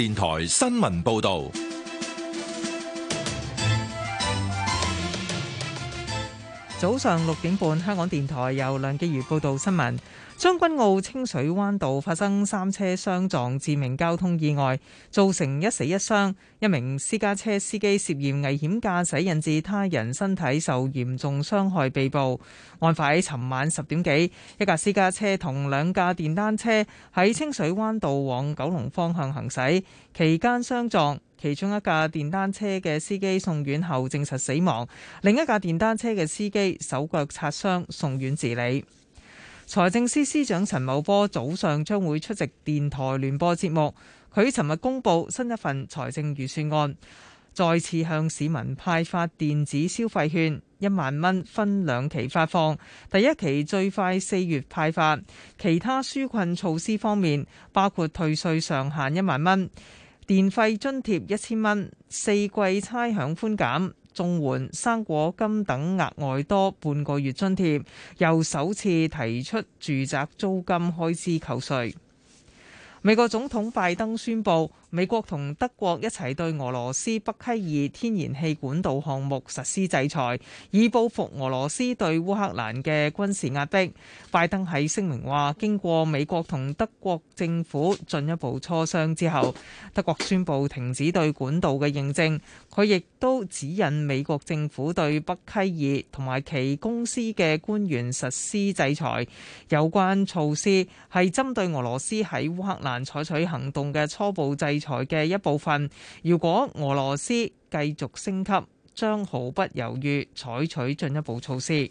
電台新聞報道。早上六點半，香港電台由梁紀如報導新聞：將軍澳清水灣道發生三車相撞致命交通意外，造成一死一傷。一名私家車司機涉嫌危險駕駛，引致他人身體受嚴重傷害，被捕。案發喺尋晚十點幾，一架私家車同兩架電單車喺清水灣道往九龍方向行駛，期間相撞。其中一架電單車嘅司機送院後證實死亡，另一架電單車嘅司機手腳擦傷，送院治理。財政司司長陳茂波早上將會出席電台聯播節目，佢尋日公布新一份財政預算案，再次向市民派發電子消費券一萬蚊，分兩期發放，第一期最快四月派發。其他紓困措施方面，包括退稅上限一萬蚊。電費津貼一千蚊，四季差餉寬減，綜援生果金等額外多半個月津貼，又首次提出住宅租金開支扣稅。美國總統拜登宣布。美國同德國一齊對俄羅斯北溪二天然氣管道項目實施制裁，以報復俄羅斯對烏克蘭嘅軍事壓迫。拜登喺聲明話：經過美國同德國政府進一步磋商之後，德國宣布停止對管道嘅認證。佢亦都指引美國政府對北溪二同埋其公司嘅官員實施制裁。有關措施係針對俄羅斯喺烏克蘭採取行動嘅初步制裁。裁嘅一部分。如果俄羅斯繼續升級，將毫不猶豫採取進一步措施。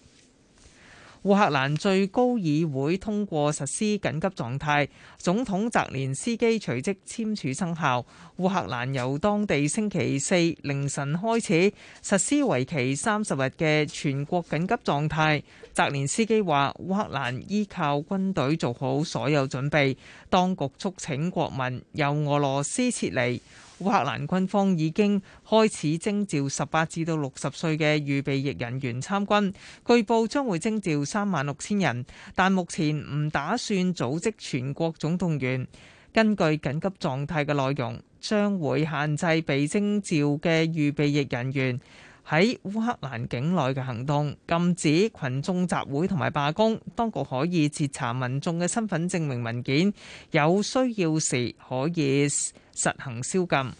烏克蘭最高議會通過實施緊急狀態，總統澤連斯基隨即簽署生效。烏克蘭由當地星期四凌晨開始實施為期三十日嘅全國緊急狀態。澤連斯基話，烏克蘭依靠軍隊做好所有準備，當局促請國民由俄羅斯撤離。烏克蘭軍方已經開始徵召十八至到六十歲嘅預備役人員參軍，據報將會徵召三萬六千人，但目前唔打算組織全國總動員。根據緊急狀態嘅內容，將會限制被徵召嘅預備役人員喺烏克蘭境內嘅行動，禁止群眾集會同埋罷工。當局可以截查民眾嘅身份證明文件，有需要時可以，實行宵禁。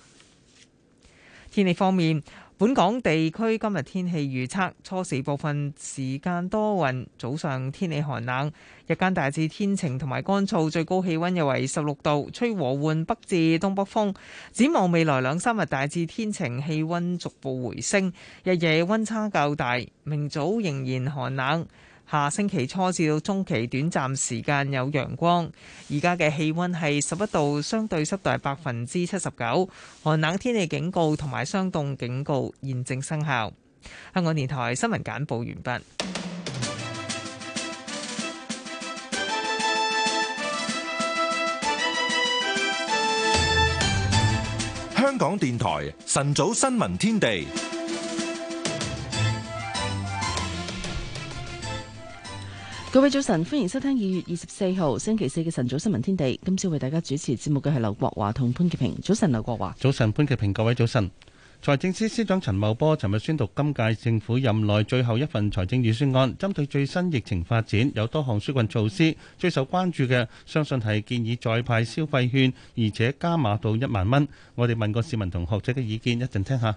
天氣方面，本港地區今日天氣預測：初時部分時間多雲，早上天氣寒冷，日間大致天晴同埋乾燥，最高氣温約為十六度，吹和緩北至東北風。展望未來兩三日大致天晴，氣温逐步回升，日夜温差較大，明早仍然寒冷。下星期初至到中期，短暫時間有陽光。而家嘅氣温係十一度，相對濕度係百分之七十九。寒冷天氣警告同埋霜凍警告現正生效。香港電台新聞簡報完畢。香港電台晨早新聞天地。各位早晨，歡迎收聽二月二十四號星期四嘅晨早新聞天地。今朝為大家主持節目嘅係劉國華同潘潔平。早晨，劉國華。早晨，潘潔平。各位早晨。財政司司長陳茂波尋日宣讀今屆政府任內最後一份財政預算案，針對最新疫情發展有多項紓困措施，最受關注嘅，相信係建議再派消費券，而且加碼到一萬蚊。我哋問過市民同學者嘅意見，一陣聽下。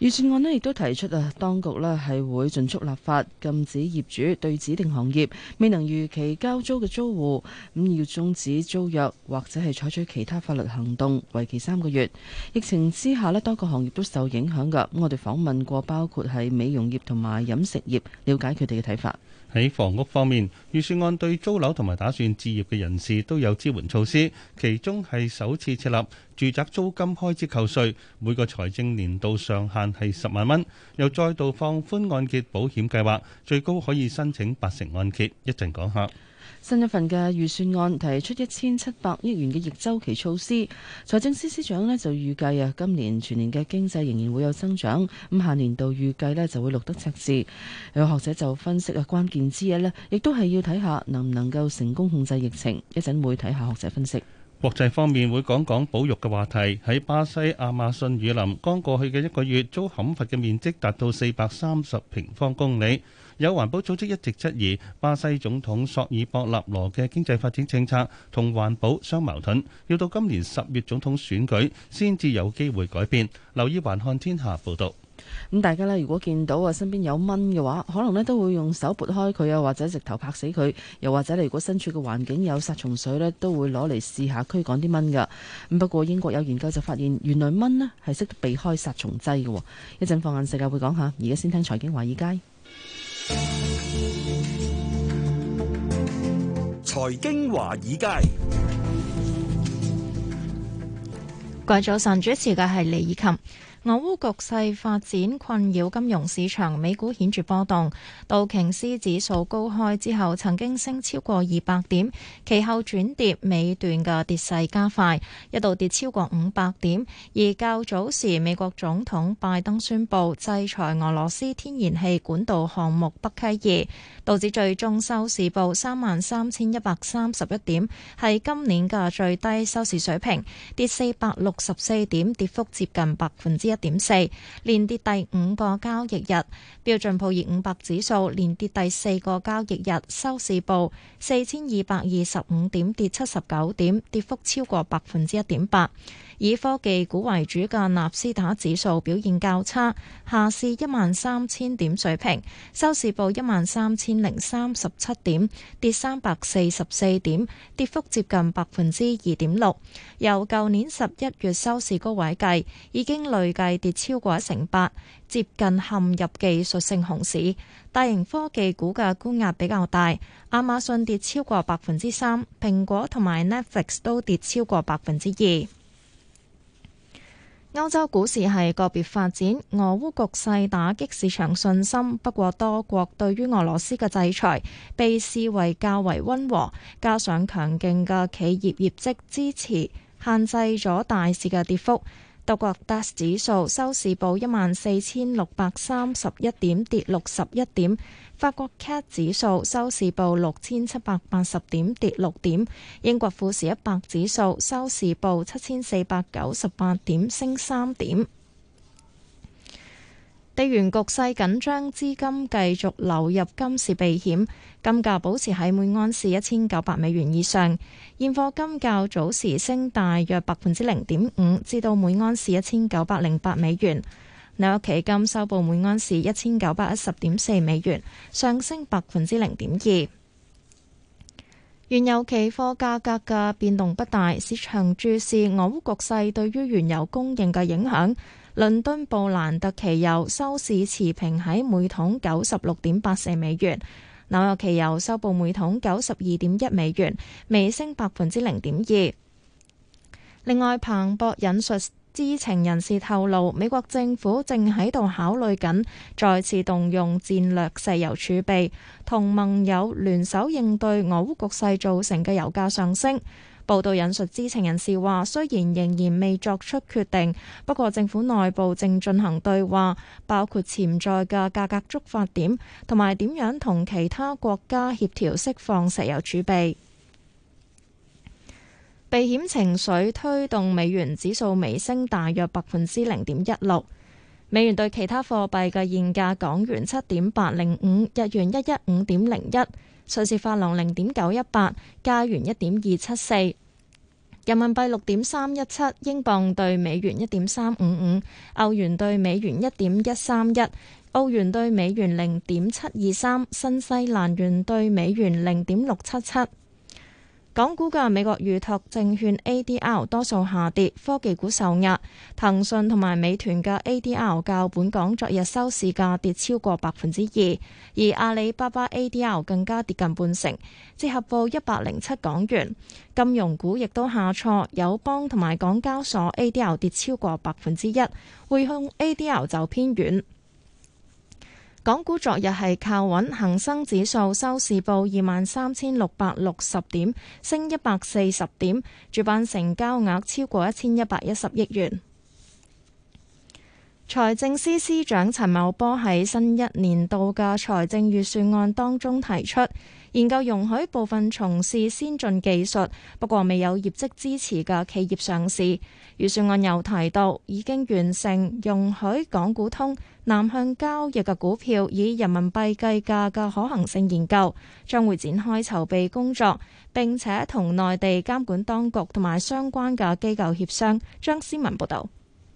預算案呢亦都提出啊，當局呢係會盡速立法禁止業主對指定行業未能如期交租嘅租戶，咁要終止租約或者係採取其他法律行動，為期三個月。疫情之下呢，多個行業都受影響㗎，我哋訪問過包括係美容業同埋飲食業，了解佢哋嘅睇法。喺房屋方面，預算案對租樓同埋打算置業嘅人士都有支援措施，其中係首次設立住宅租金開支扣稅，每個財政年度上限係十萬蚊，又再度放寬按揭保險計劃，最高可以申請八成按揭。一陣講下。新一份嘅預算案提出一千七百億元嘅逆周期措施，財政司司長咧就預計啊，今年全年嘅經濟仍然會有增長，咁下年度預計咧就會錄得赤字。有學者就分析啊，關鍵之一咧，亦都係要睇下能唔能夠成功控制疫情。一陣會睇下學者分析。國際方面會講講保育嘅話題，喺巴西亞馬遜雨林，剛過去嘅一個月遭砍伐嘅面積達到四百三十平方公里。有環保組織一直質疑巴西總統索爾博納羅嘅經濟發展政策同環保相矛盾，要到今年十月總統選舉先至有機會改變。留意《環看天下》報道。咁大家咧，如果見到啊身邊有蚊嘅話，可能咧都會用手撥開佢啊，或者直頭拍死佢，又或者如果身處嘅環境有殺蟲水咧，都會攞嚟試下驅趕啲蚊噶。咁不過英國有研究就發現，原來蚊咧係識得避開殺蟲劑嘅。一陣放眼世界會講下，而家先聽財經華爾街。財經華爾街，今早晨主持嘅係李綺琴。俄烏局勢發展困擾金融市場，美股顯著波動。道瓊斯指數高開之後，曾經升超過二百點，其後轉跌，尾段嘅跌勢加快，一度跌超過五百點。而較早時，美國總統拜登宣布制裁俄羅斯天然氣管道項目北溪二，導致最終收市報三萬三千一百三十一點，係今年嘅最低收市水平，跌四百六十四點，跌幅接近百分之一。點四，連跌第五個交易日。標準普爾五百指數連跌第四個交易日，收市報四千二百二十五點，跌七十九點，跌幅超過百分之一點八。以科技股為主嘅納斯達指數表現較差，下市一萬三千點水平，收市報一萬三千零三十七點，跌三百四十四點，跌幅接近百分之二點六。由舊年十一月收市高位計，已經累計跌超過一成八，接近陷入技術性熊市。大型科技股嘅沽壓比較大，亞馬遜跌超過百分之三，蘋果同埋 Netflix 都跌超過百分之二。歐洲股市係個別發展，俄烏局勢打擊市場信心。不過多國對於俄羅斯嘅制裁被視為較為溫和，加上強勁嘅企業業績支持，限制咗大市嘅跌幅。德國 DAX 指數收市報一萬四千六百三十一點，跌六十一點。法國 CAC 指數收市報六千七百八十點，跌六點。英國富時一百指數收市報七千四百九十八點，升三點。地緣局勢緊張，資金繼續流入金市避險，金價保持喺每安士一千九百美元以上。現貨金較早時升大約百分之零點五，至到每安士一千九百零八美元。紐約期金收報每安士一千九百一十點四美元，上升百分之零點二。原油期貨價格嘅變動不大，市場注視俄烏局勢對於原油供應嘅影響。倫敦布蘭特期油收市持平喺每桶九十六點八四美元，紐約期油收報每桶九十二點一美元，微升百分之零點二。另外，彭博引述知情人士透露，美國政府正喺度考慮緊再次動用戰略石油儲備，同盟友聯手應對俄烏局勢造成嘅油價上升。報道引述知情人士話：雖然仍然未作出決定，不過政府內部正進行對話，包括潛在嘅價格觸發點，同埋點樣同其他國家協調釋放石油儲備。避險情緒推動美元指數微升大約百分之零點一六，美元對其他貨幣嘅現價，港元七點八零五，日元一一五點零一。瑞士法郎零點九一八，加元一點二七四，人民幣六點三一七，英鎊兌美元一點三五五，歐元兌美元一點一三一，澳元兌美元零點七二三，新西蘭元兌美元零點六七七。港股嘅美國預託證券 ADR 多數下跌，科技股受壓，騰訊同埋美團嘅 ADR 較本港昨日收市價跌超過百分之二，而阿里巴巴 ADR 更加跌近半成，折合報一百零七港元。金融股亦都下挫，友邦同埋港交所 ADR 跌超過百分之一，匯控 ADR 就偏軟。港股昨日係靠穩，恒生指數收市報二萬三千六百六十點，升一百四十點，主板成交額超過一千一百一十億元。財政司司長陳茂波喺新一年度嘅財政預算案當中提出，研究容許部分從事先進技術，不過未有業績支持嘅企業上市。預算案又提到，已經完成容許港股通。南向交易嘅股票以人民幣計價嘅可行性研究將會展開籌備工作，並且同內地監管當局同埋相關嘅機構協商。張思文報道，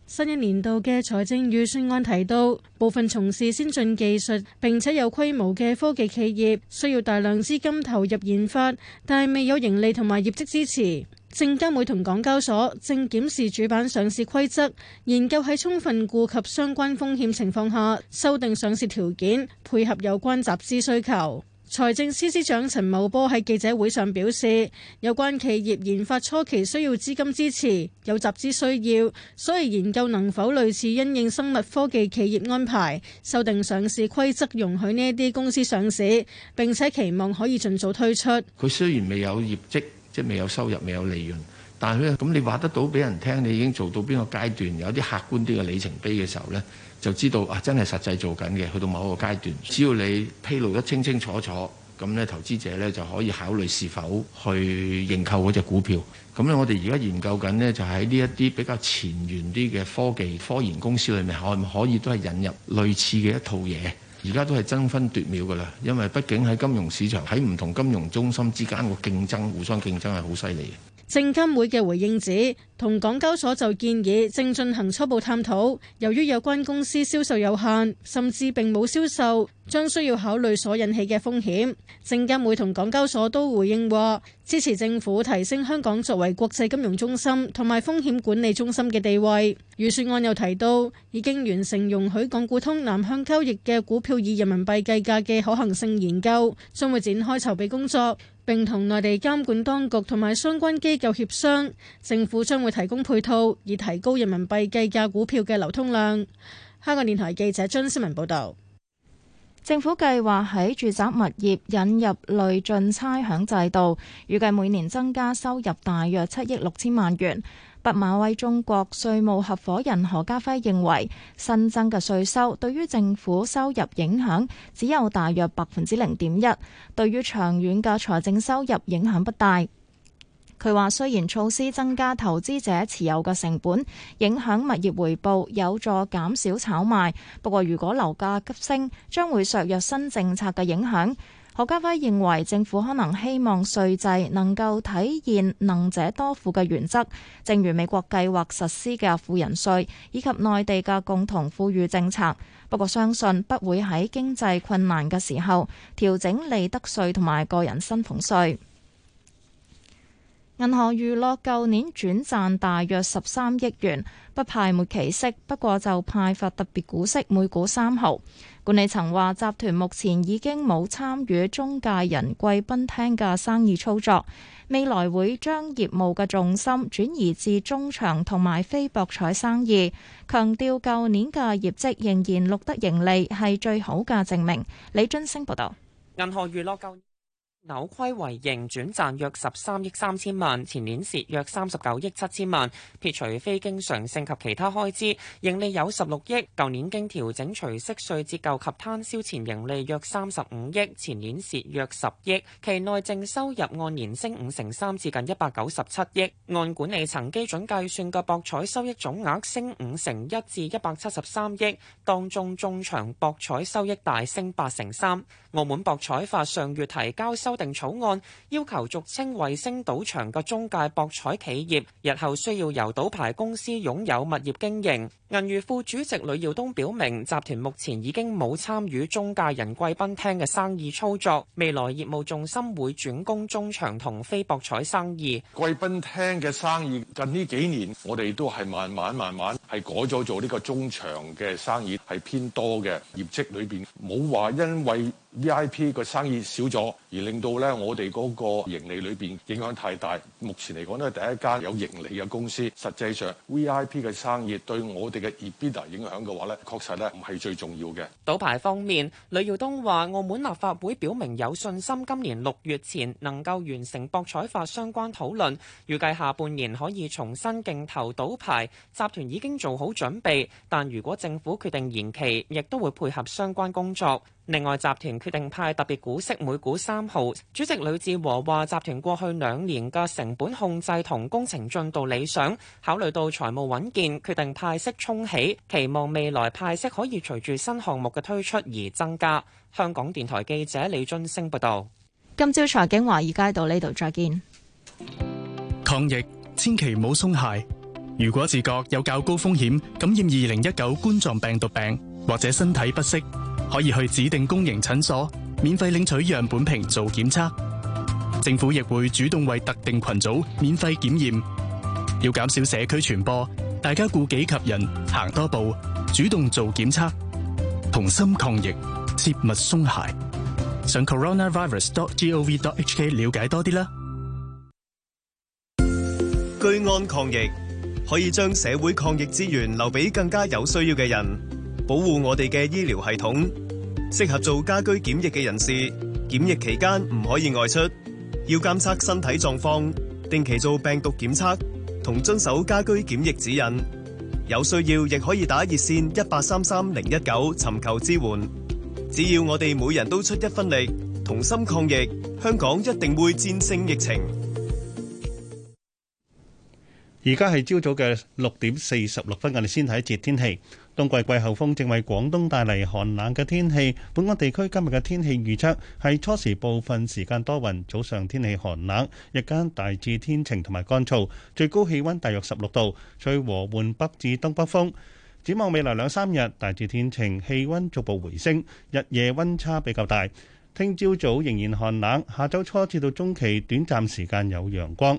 新一年度嘅財政預算案提到，部分從事先進技術並且有規模嘅科技企業需要大量資金投入研發，但係未有盈利同埋業績支持。證監會同港交所正檢視主板上市規則，研究喺充分顧及相關風險情況下，修訂上市條件，配合有關集資需求。財政司司長陳茂波喺記者會上表示，有關企業研發初期需要資金支持，有集資需要，所以研究能否類似因應生物科技企業安排，修訂上市規則，容許呢啲公司上市，並且期望可以盡早推出。佢雖然未有業績，即係未有收入、未有利潤，但係咧，咁你話得到俾人聽，你已經做到邊個階段？有啲客觀啲嘅里程碑嘅時候咧，就知道啊，真係實際做緊嘅。去到某一個階段，只要你披露得清清楚楚，咁咧投資者咧就可以考慮是否去認購嗰隻股票。咁咧，我哋而家研究緊咧，就喺呢一啲比較前沿啲嘅科技、科研公司裏面，可唔可以都係引入類似嘅一套嘢？而家都係爭分奪秒㗎啦，因為畢竟喺金融市場，喺唔同金融中心之間個競爭，互相競爭係好犀利嘅。證監會嘅回應指，同港交所就建議正進行初步探討。由於有關公司銷售有限，甚至並冇銷售，將需要考慮所引起嘅風險。證監會同港交所都回應話，支持政府提升香港作為國際金融中心同埋風險管理中心嘅地位。預算案又提到，已經完成容許港股通南向交易嘅股票以人民幣計價嘅可行性研究，將會展開籌備工作。並同內地監管當局同埋相關機構協商，政府將會提供配套，以提高人民幣計價股票嘅流通量。香港電台記者張思文報道，政府計劃喺住宅物業引入累進差餉制度，預計每年增加收入大約七億六千萬元。畢馬威中國稅務合夥人何家輝認為，新增嘅稅收對於政府收入影響只有大約百分之零點一，對於長遠嘅財政收入影響不大。佢話雖然措施增加投資者持有嘅成本，影響物業回報，有助減少炒賣，不過如果樓價急升，將會削弱新政策嘅影響。何家輝認為，政府可能希望稅制能夠體現能者多富嘅原則，正如美國計劃實施嘅富人稅，以及內地嘅共同富裕政策。不過相信不會喺經濟困難嘅時候調整利得稅同埋個人薪俸稅。銀行娛樂舊年轉賺大約十三億元，不派末期息，不過就派發特別股息每股三毫。管理層話，集團目前已經冇參與中介人貴賓廳嘅生意操作，未來會將業務嘅重心轉移至中場同埋非博彩生意。強調舊年嘅業績仍然錄得盈利係最好嘅證明。李津星報道。銀河娛樂舊。扭虧為盈，轉賺約十三億三千萬，前年蝕約三十九億七千萬。撇除非經常性及其他開支，盈利有十六億。舊年經調整，除息稅折舊及攤銷前盈利約三十五億，前年蝕約十億。期內淨收入按年升五成三，至近一百九十七億。按管理層基準計算嘅博彩收益總額升五成一，至一百七十三億。當中中場博彩收益大升八成三。澳門博彩法上月提交收修訂草案要求俗稱衛星賭場嘅中介博彩企業，日後需要由賭牌公司擁有物業經營。銀娛副主席呂耀東表明，集團目前已經冇參與中介人貴賓廳嘅生意操作，未來業務重心會轉攻中場同非博彩生意。貴賓廳嘅生意近呢幾年，我哋都係慢慢慢慢係改咗做呢個中場嘅生意，係偏多嘅，業績裏邊，冇話因為。V.I.P 個生意少咗，而令到咧我哋嗰個盈利裏邊影響太大。目前嚟講都係第一間有盈利嘅公司。實際上 V.I.P 嘅生意對我哋嘅 EBITDA 影響嘅話咧，確實咧唔係最重要嘅。賭牌方面，呂耀東話：澳門立法會表明有信心今年六月前能夠完成博彩法相關討論，預計下半年可以重新競投賭牌。集團已經做好準備，但如果政府決定延期，亦都會配合相關工作。另外，集團決定派特別股息每股三毫。主席呂志和話：集團過去兩年嘅成本控制同工程進度理想，考慮到財務穩健，決定派息沖起，期望未來派息可以隨住新項目嘅推出而增加。香港電台記者李俊星報道。今朝財景華爾街到呢度再見。抗疫千祈唔好鬆懈，如果自覺有較高風險感染二零一九冠狀病毒病，或者身體不適，可以去指定公營診所免費領取樣本瓶做檢測，政府亦會主動為特定群組免費檢驗。要減少社區傳播，大家顧己及人，行多步，主動做檢測，同心抗疫，切勿鬆懈。上 coronavirus.gov.hk 了解多啲啦。居安抗疫，可以將社會抗疫資源留俾更加有需要嘅人。保護我哋嘅醫療系統，適合做家居檢疫嘅人士，檢疫期間唔可以外出，要監測身體狀況，定期做病毒檢測，同遵守家居檢疫指引。有需要亦可以打熱線一八三三零一九尋求支援。只要我哋每人都出一分力，同心抗疫，香港一定會戰勝疫情。而家係朝早嘅六點四十六分，我哋先睇一節天氣。冬季季候風正為廣東帶嚟寒冷嘅天氣，本港地區今日嘅天氣預測係初時部分時間多雲，早上天氣寒冷，日間大致天晴同埋乾燥，最高氣溫大約十六度，吹和緩北至東北風，展望未來兩三日，大致天晴，氣溫逐步回升，日夜溫差比較大。聽朝早早仍然寒冷，下周初至到中期短暫時間有陽光。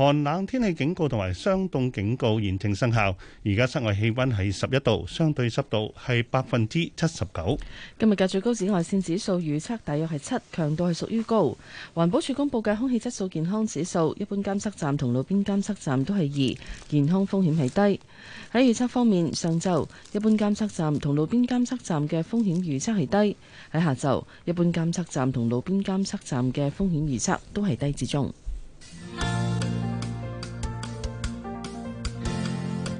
寒冷天氣警告同埋霜凍警告現正生效。而家室外氣温係十一度，相對濕度係百分之七十九。今日嘅最高紫外線指數預測大約係七，強度係屬於高。環保署公布嘅空氣質素健康指數，一般監測站同路邊監測站都係二，健康風險係低。喺預測方面，上晝一般監測站同路邊監測站嘅風險預測係低；喺下晝一般監測站同路邊監測站嘅風險預測都係低至中。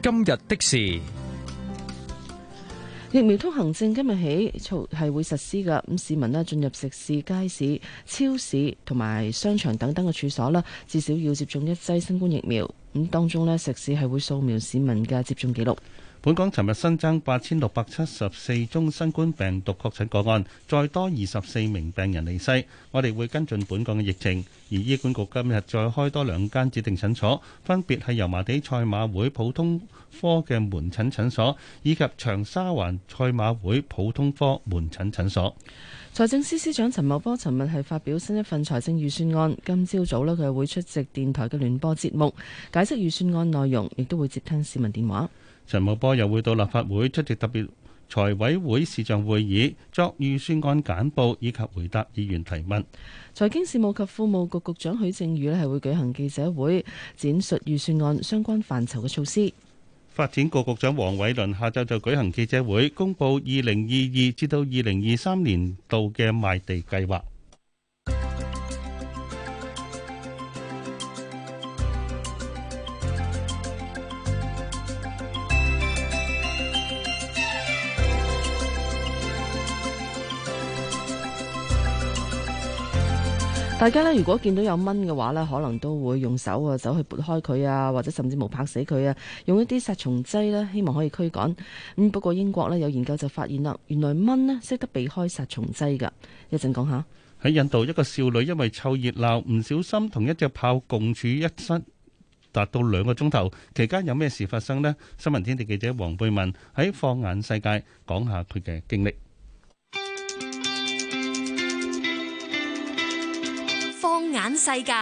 今日的事，疫苗通行證今日起係會實施噶，咁市民咧進入食肆、街市、超市同埋商場等等嘅處所啦，至少要接種一劑新冠疫苗。咁當中咧食肆係會掃描市民嘅接種記錄。本港尋日新增八千六百七十四宗新冠病毒確診個案，再多二十四名病人離世。我哋會跟進本港嘅疫情。而醫管局今日再開多兩間指定診所，分別係油麻地賽馬會普通科嘅門診診所，以及長沙灣賽馬會普通科門診診所。財政司司長陳茂波尋日係發表新一份財政預算案，今朝早呢佢會出席電台嘅聯播節目，解釋預算案內容，亦都會接聽市民電話。陳茂波又會到立法會出席特別財委會視像會議，作預算案簡報以及回答議員提問。財經事務及庫務局局長許正宇呢係會舉行記者會，闡述預算案相關範疇嘅措施。發展局局長黃偉綸下晝就舉行記者會，公布2022至到2023年度嘅賣地計劃。大家呢，如果見到有蚊嘅話呢，可能都會用手啊手去撥開佢啊，或者甚至冇拍死佢啊，用一啲殺蟲劑呢，希望可以驅趕。咁不過英國呢，有研究就發現啦，原來蚊呢，識得避開殺蟲劑㗎。一陣講下。喺印度，一個少女因為湊熱鬧，唔小心同一隻豹共處一室，達到兩個鐘頭。期間有咩事發生呢？新聞天地記者黃貝文喺放眼世界講下佢嘅經歷。眼世界，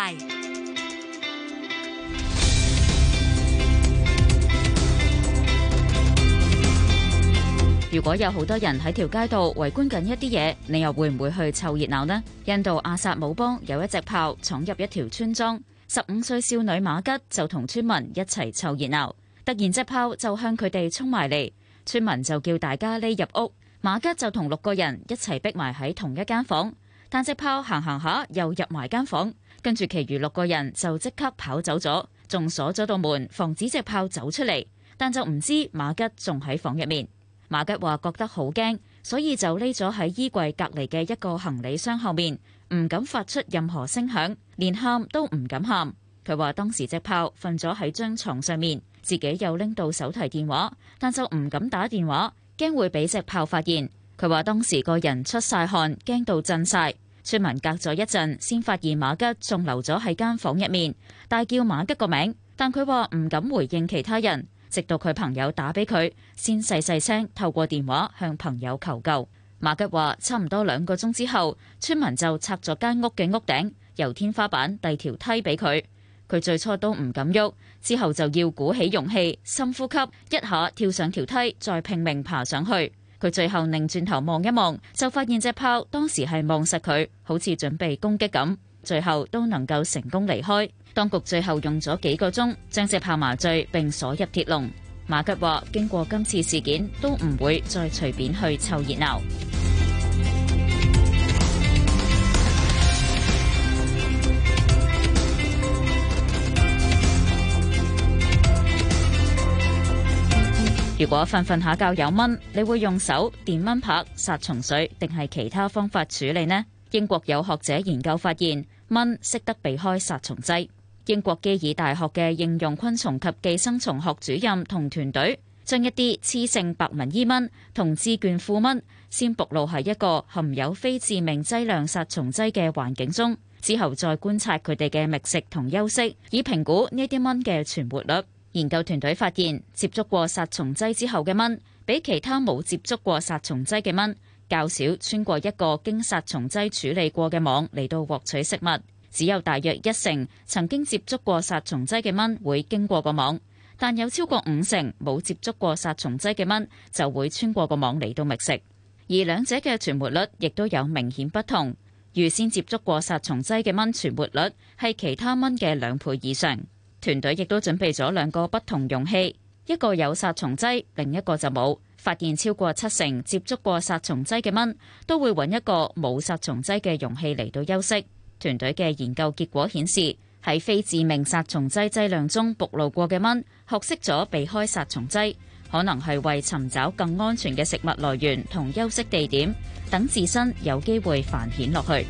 如果有好多人喺條街度圍觀緊一啲嘢，你又會唔會去湊熱鬧呢？印度阿薩姆邦有一隻豹闖入一條村莊，十五歲少女馬吉就同村民一齊湊熱鬧。突然，隻豹就向佢哋衝埋嚟，村民就叫大家匿入屋，馬吉就同六個人一齊逼埋喺同一間房。但隻豹行行下又入埋間房，跟住其餘六個人就即刻跑走咗，仲鎖咗道門，防止隻豹走出嚟。但就唔知馬吉仲喺房入面。馬吉話覺得好驚，所以就匿咗喺衣櫃隔籬嘅一個行李箱後面，唔敢發出任何聲響，連喊都唔敢喊。佢話當時隻豹瞓咗喺張床上面，自己又拎到手提電話，但就唔敢打電話，驚會俾隻豹發現。佢話：當時個人出晒汗，驚到震晒。村民隔咗一陣，先發現馬吉仲留咗喺間房入面，大叫馬吉個名，但佢話唔敢回應其他人，直到佢朋友打俾佢，先細細聲透過電話向朋友求救。馬吉話：差唔多兩個鐘之後，村民就拆咗間屋嘅屋頂，由天花板遞條梯俾佢。佢最初都唔敢喐，之後就要鼓起勇氣，深呼吸，一下跳上條梯，再拼命爬上去。佢最後擰轉頭望一望，就發現隻豹當時係望實佢，好似準備攻擊咁。最後都能夠成功離開。當局最後用咗幾個鐘，將隻豹麻醉並鎖入鐵籠。馬吉話：經過今次事件，都唔會再隨便去湊熱鬧。如果瞓瞓下覺有蚊，你會用手、電蚊拍、殺蟲水定係其他方法處理呢？英國有學者研究發現，蚊識得避開殺蟲劑。英國基爾大學嘅應用昆蟲及寄生蟲學主任同團隊，將一啲雌性白紋伊蚊同致倦庫蚊先暴露喺一個含有非致命劑量殺蟲劑嘅環境中，之後再觀察佢哋嘅覓食同休息，以評估呢啲蚊嘅存活率。研究團隊發現，接觸過殺蟲劑之後嘅蚊，比其他冇接觸過殺蟲劑嘅蚊較少穿過一個經殺蟲劑處理過嘅網嚟到獲取食物。只有大約一成曾經接觸過殺蟲劑嘅蚊會經過個網，但有超過五成冇接觸過殺蟲劑嘅蚊就會穿過個網嚟到覓食。而兩者嘅存活率亦都有明顯不同。預先接觸過殺蟲劑嘅蚊存活率係其他蚊嘅兩倍以上。團隊亦都準備咗兩個不同容器，一個有殺蟲劑，另一個就冇。發現超過七成接觸過殺蟲劑嘅蚊，都會揾一個冇殺蟲劑嘅容器嚟到休息。團隊嘅研究結果顯示，喺非致命殺蟲劑劑量中暴露過嘅蚊，學識咗避開殺蟲劑，可能係為尋找更安全嘅食物來源同休息地點，等自身有機會繁衍落去。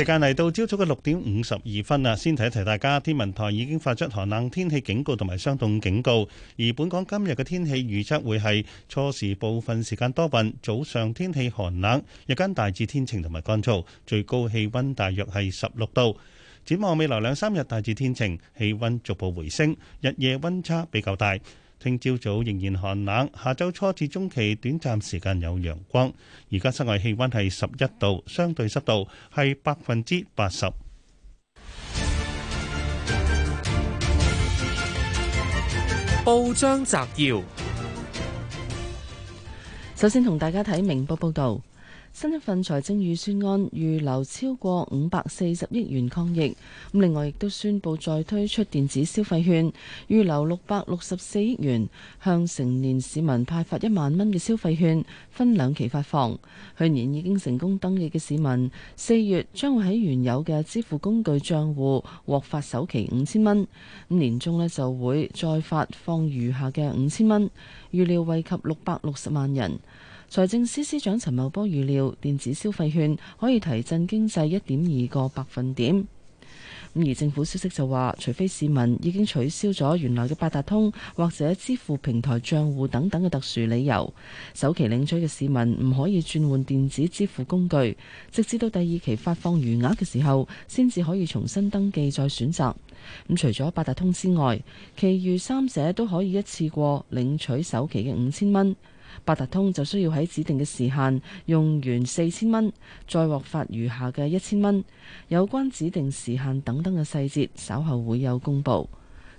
時間嚟到朝早嘅六點五十二分啦，先提一提大家，天文台已經發出寒冷天氣警告同埋霜凍警告，而本港今日嘅天氣預測會係初時部分時間多雲，早上天氣寒冷，日間大致天晴同埋乾燥，最高氣溫大約係十六度。展望未來兩三日大致天晴，氣溫逐步回升，日夜溫差比較大。聽朝早仍然寒冷，下晝初至中期短暫時間有陽光。而家室外氣溫係十一度，相對濕度係百分之八十。報章摘要，首先同大家睇明報報道。新一份財政預算案預留超過五百四十億元抗疫，咁另外亦都宣布再推出電子消費券，預留六百六十四億元向成年市民派發一萬蚊嘅消費券，分兩期發放。去年已經成功登記嘅市民，四月將會喺原有嘅支付工具帳戶獲發首期五千蚊，咁年中呢就會再發放餘下嘅五千蚊，預料惠及六百六十萬人。財政司司長陳茂波預料，電子消費券可以提振經濟一點二個百分點。咁而政府消息就話，除非市民已經取消咗原來嘅八達通或者支付平台賬戶等等嘅特殊理由，首期領取嘅市民唔可以轉換電子支付工具，直至到第二期發放餘額嘅時候，先至可以重新登記再選擇。咁除咗八達通之外，其餘三者都可以一次過領取首期嘅五千蚊。八達通就需要喺指定嘅時限用完四千蚊，再獲發餘下嘅一千蚊。有關指定時限等等嘅細節，稍後會有公布。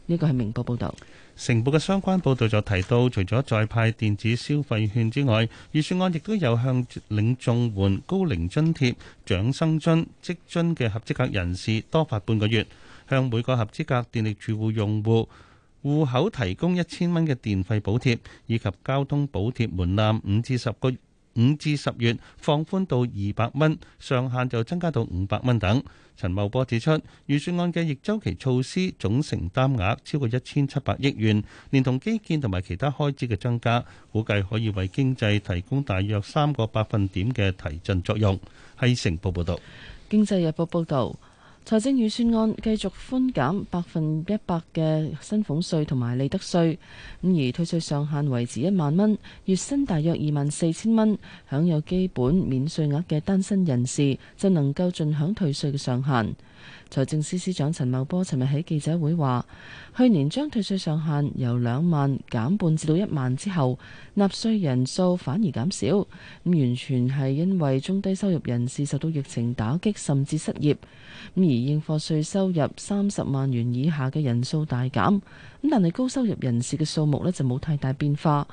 呢個係明報報導。成報嘅相關報導就提到，除咗再派電子消費券之外，預算案亦都有向領綜援、高齡津貼、長生津、積津嘅合資格人士多發半個月，向每個合資格電力住戶用戶。戶口提供一千蚊嘅電費補貼，以及交通補貼門檻五至十個五至十月放寬到二百蚊，上限就增加到五百蚊等。陳茂波指出，預算案嘅逆周期措施總承擔額超過一千七百億元，連同基建同埋其他開支嘅增加，估計可以為經濟提供大約三個百分點嘅提振作用。係成報報道，經濟日報報道。財政預算案繼續寬減百分之一百嘅薪俸稅同埋利得稅，咁而退稅上限維持一萬蚊，月薪大約二萬四千蚊，享有基本免稅額嘅單身人士就能夠盡享退稅嘅上限。財政司司長陳茂波尋日喺記者會話：去年將退稅上限由兩萬減半至到一萬之後，納稅人數反而減少，咁完全係因為中低收入人士受到疫情打擊甚至失業，咁而應課稅收入三十萬元以下嘅人數大減，咁但係高收入人士嘅數目呢，就冇太大變化。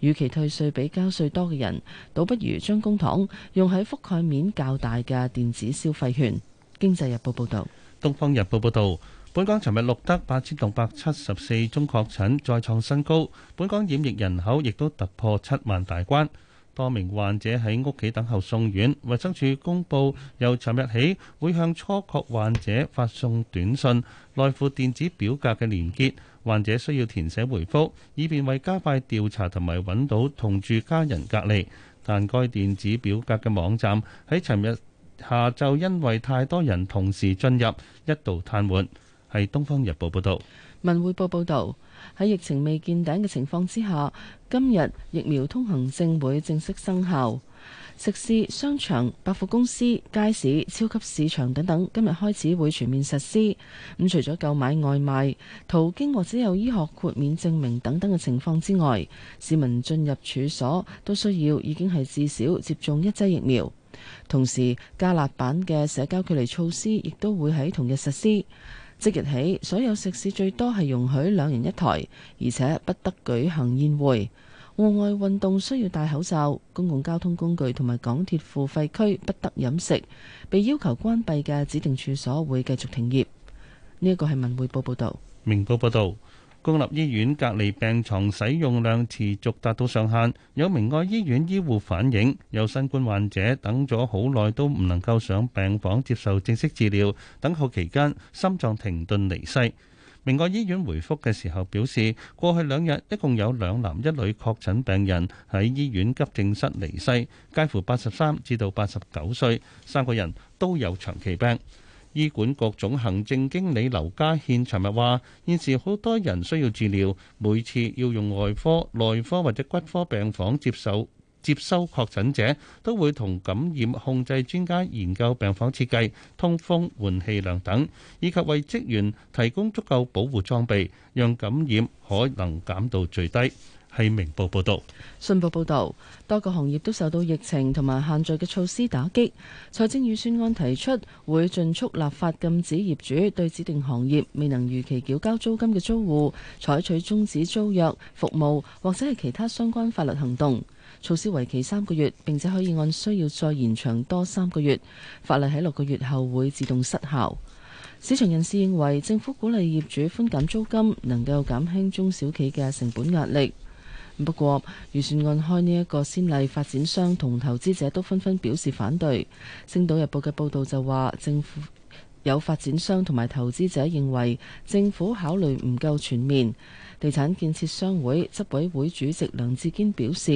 與其退稅比交稅多嘅人，倒不如將公帑用喺覆蓋面較大嘅電子消費券。經濟日報報道，東方日報報道，本港尋日錄得八千六百七十四宗確診，再創新高。本港染疫人口亦都突破七萬大關。多名患者喺屋企等候送院。衛生署公布，由尋日起會向初確患者發送短信，內附電子表格嘅連結，患者需要填寫回覆，以便為加快調查同埋揾到同住家人隔離。但該電子表格嘅網站喺尋日。下晝因為太多人同時進入，一度癱瘓。係《東方日報》報道，《文匯報》報道，喺疫情未見頂嘅情況之下，今日疫苗通行證會正式生效。食肆、商場、百貨公司、街市、超級市場等等，今日開始會全面實施。咁除咗購買外賣、途經或者有醫學豁免證明等等嘅情況之外，市民進入處所都需要已經係至少接種一劑疫苗。同時，加辣版嘅社交距離措施亦都會喺同日實施。即日起，所有食肆最多係容許兩人一台，而且不得舉行宴會。戶外運動需要戴口罩。公共交通工具同埋港鐵付費區不得飲食。被要求關閉嘅指定處所會繼續停業。呢一個係《文匯報》報道，《明報》報道。公立醫院隔離病床使用量持續達到上限，有明愛醫院醫護反映，有新冠患者等咗好耐都唔能夠上病房接受正式治療，等候期間心臟停頓離世。明愛醫院回覆嘅時候表示，過去兩日一共有兩男一女確診病人喺醫院急症室離世，介乎八十三至到八十九歲，三個人都有長期病。醫管局總行政經理劉家憲尋日話，現時好多人需要治療，每次要用外科、內科或者骨科病房接受接收確診者，都會同感染控制專家研究病房設計、通風、換氣量等，以及為職員提供足夠保護裝備，讓感染可能減到最低。係明報報道，信報報道，多個行業都受到疫情同埋限聚嘅措施打擊。財政預算案提出會盡速立法禁止業主對指定行業未能如期繳交租金嘅租戶採取終止租約、服務或者係其他相關法律行動。措施為期三個月，並且可以按需要再延長多三個月。法例喺六個月後會自動失效。市場人士認為，政府鼓勵業主寬減租金，能夠減輕中小企嘅成本壓力。不過，預算案開呢一個先例，發展商同投資者都紛紛表示反對。星島日報嘅報導就話，政府有發展商同埋投資者認為政府考慮唔夠全面。地產建設商會執委會主席梁志堅表示，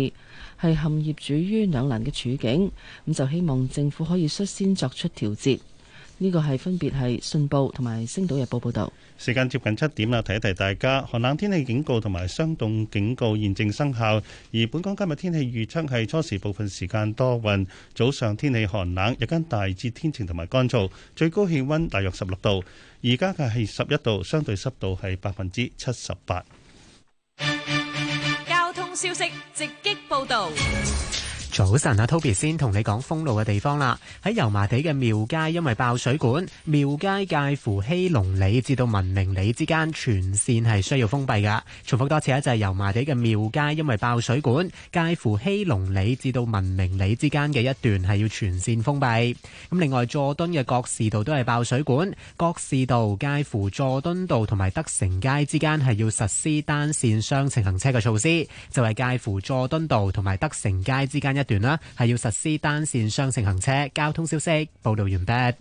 係陷業主於兩難嘅處境，咁就希望政府可以率先作出調節。呢、這個係分別係信報同埋星島日報報導。時間接近七點啦，提一提大家，寒冷天氣警告同埋霜凍警告現正生效。而本港今日天氣預測係初時部分時間多雲，早上天氣寒冷，日間大致天晴同埋乾燥，最高氣溫大約十六度。而家嘅係十一度，相對濕度係百分之七十八。交通消息直擊報道。早晨啊，Toby 先同你講封路嘅地方啦。喺油麻地嘅廟街，因為爆水管，廟街介乎熙龍里至到文明里之間，全線係需要封閉噶。重複多次啊，就係、是、油麻地嘅廟街，因為爆水管，介乎熙龍里至到文明里之間嘅一段係要全線封閉。咁另外，佐敦嘅各士道都係爆水管，各士道介乎佐敦道同埋德成街之間係要實施單線雙程行車嘅措施，就係、是、介乎佐敦道同埋德成街之間。一段啦，係要實施單線雙程行車。交通消息報道完畢。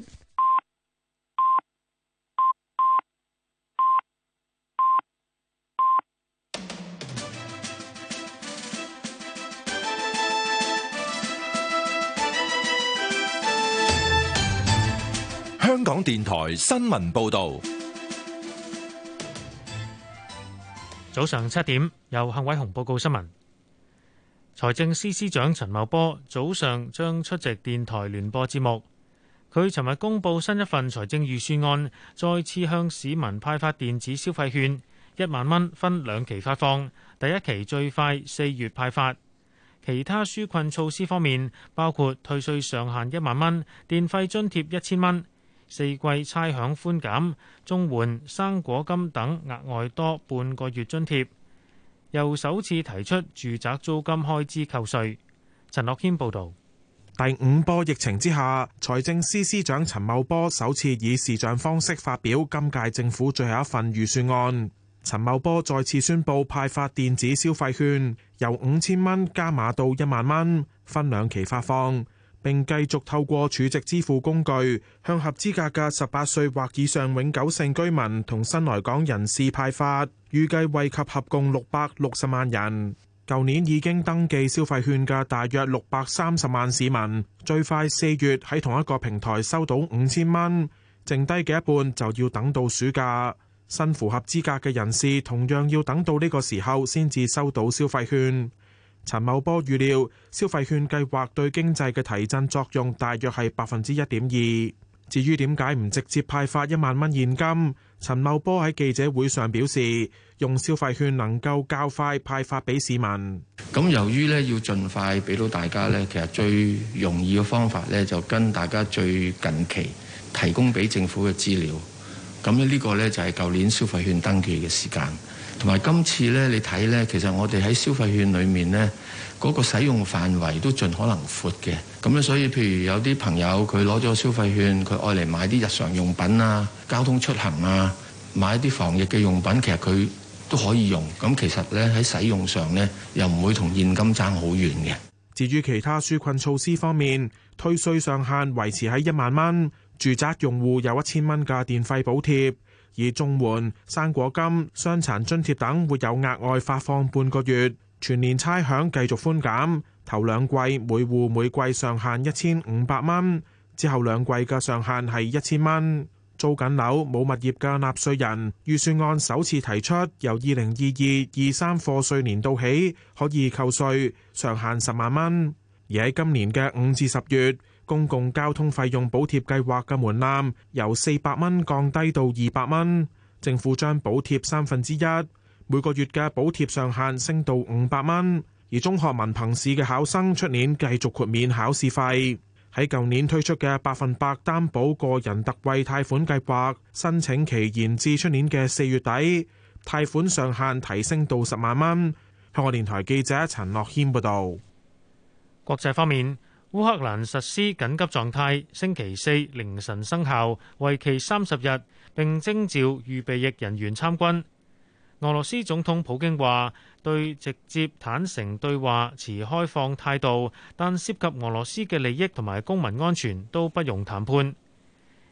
香港電台新聞報道，早上七點由幸偉雄報告新聞。財政司司長陳茂波早上將出席電台聯播節目。佢尋日公布新一份財政預算案，再次向市民派發電子消費券一萬蚊，1，分兩期發放，第一期最快四月派發。其他紓困措施方面，包括退稅上限一萬蚊、電費津貼一千蚊、四季差餉寬減、綜援生果金等額外多半個月津貼。又首次提出住宅租金開支扣稅。陳樂謙報道，第五波疫情之下，財政司司長陳茂波首次以視像方式發表今屆政府最後一份預算案。陳茂波再次宣布派發電子消費券，由五千蚊加碼到一萬蚊，分兩期發放。並繼續透過儲值支付工具，向合資格嘅十八歲或以上永久性居民同新來港人士派發，預計惠及合共六百六十萬人。舊年已經登記消費券嘅大約六百三十萬市民，最快四月喺同一個平台收到五千蚊，剩低嘅一半就要等到暑假。新符合資格嘅人士同樣要等到呢個時候先至收到消費券。陳茂波預料消費券計劃對經濟嘅提振作用大約係百分之一點二。至於點解唔直接派發一萬蚊現金，陳茂波喺記者會上表示，用消費券能夠較快派發俾市民。咁由於咧要盡快俾到大家咧，其實最容易嘅方法咧就跟大家最近期提供俾政府嘅資料。咁呢個咧就係舊年消費券登記嘅時間。同埋今次咧，你睇咧，其實我哋喺消費券裏面咧，嗰個使用範圍都盡可能闊嘅。咁樣。所以譬如有啲朋友佢攞咗消費券，佢愛嚟買啲日常用品啊、交通出行啊、買一啲防疫嘅用品，其實佢都可以用。咁其實咧喺使用上咧，又唔會同現金爭好遠嘅。至於其他紓困措施方面，退稅上限維持喺一萬蚊，住宅用戶有一千蚊嘅電費補貼。以綜援、生果金、傷殘津貼等會有額外發放半個月，全年差餉繼續寬減。頭兩季每戶每季上限一千五百蚊，之後兩季嘅上限係一千蚊。租緊樓冇物業嘅納稅人，預算案首次提出由二零二二二三課稅年度起可以扣稅，上限十萬蚊。而喺今年嘅五至十月，公共交通費用補貼計劃嘅門檻由四百蚊降低到二百蚊，政府將補貼三分之一，3，每個月嘅補貼上限升到五百蚊。而中學文憑試嘅考生出年繼續豁免考試費。喺舊年推出嘅百分百擔保個人特惠貸款計劃，申請期延至出年嘅四月底，貸款上限提升到十萬蚊。香港電台記者陳樂謙報道。國際方面。烏克蘭實施緊急狀態，星期四凌晨生效，為期三十日，並徵召預備役人員參軍。俄羅斯總統普京話：對直接坦誠對話持開放態度，但涉及俄羅斯嘅利益同埋公民安全都不容談判。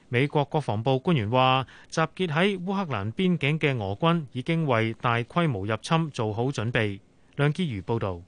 美國國防部官員話：集結喺烏克蘭邊境嘅俄軍已經為大規模入侵做好準備。梁潔如報道。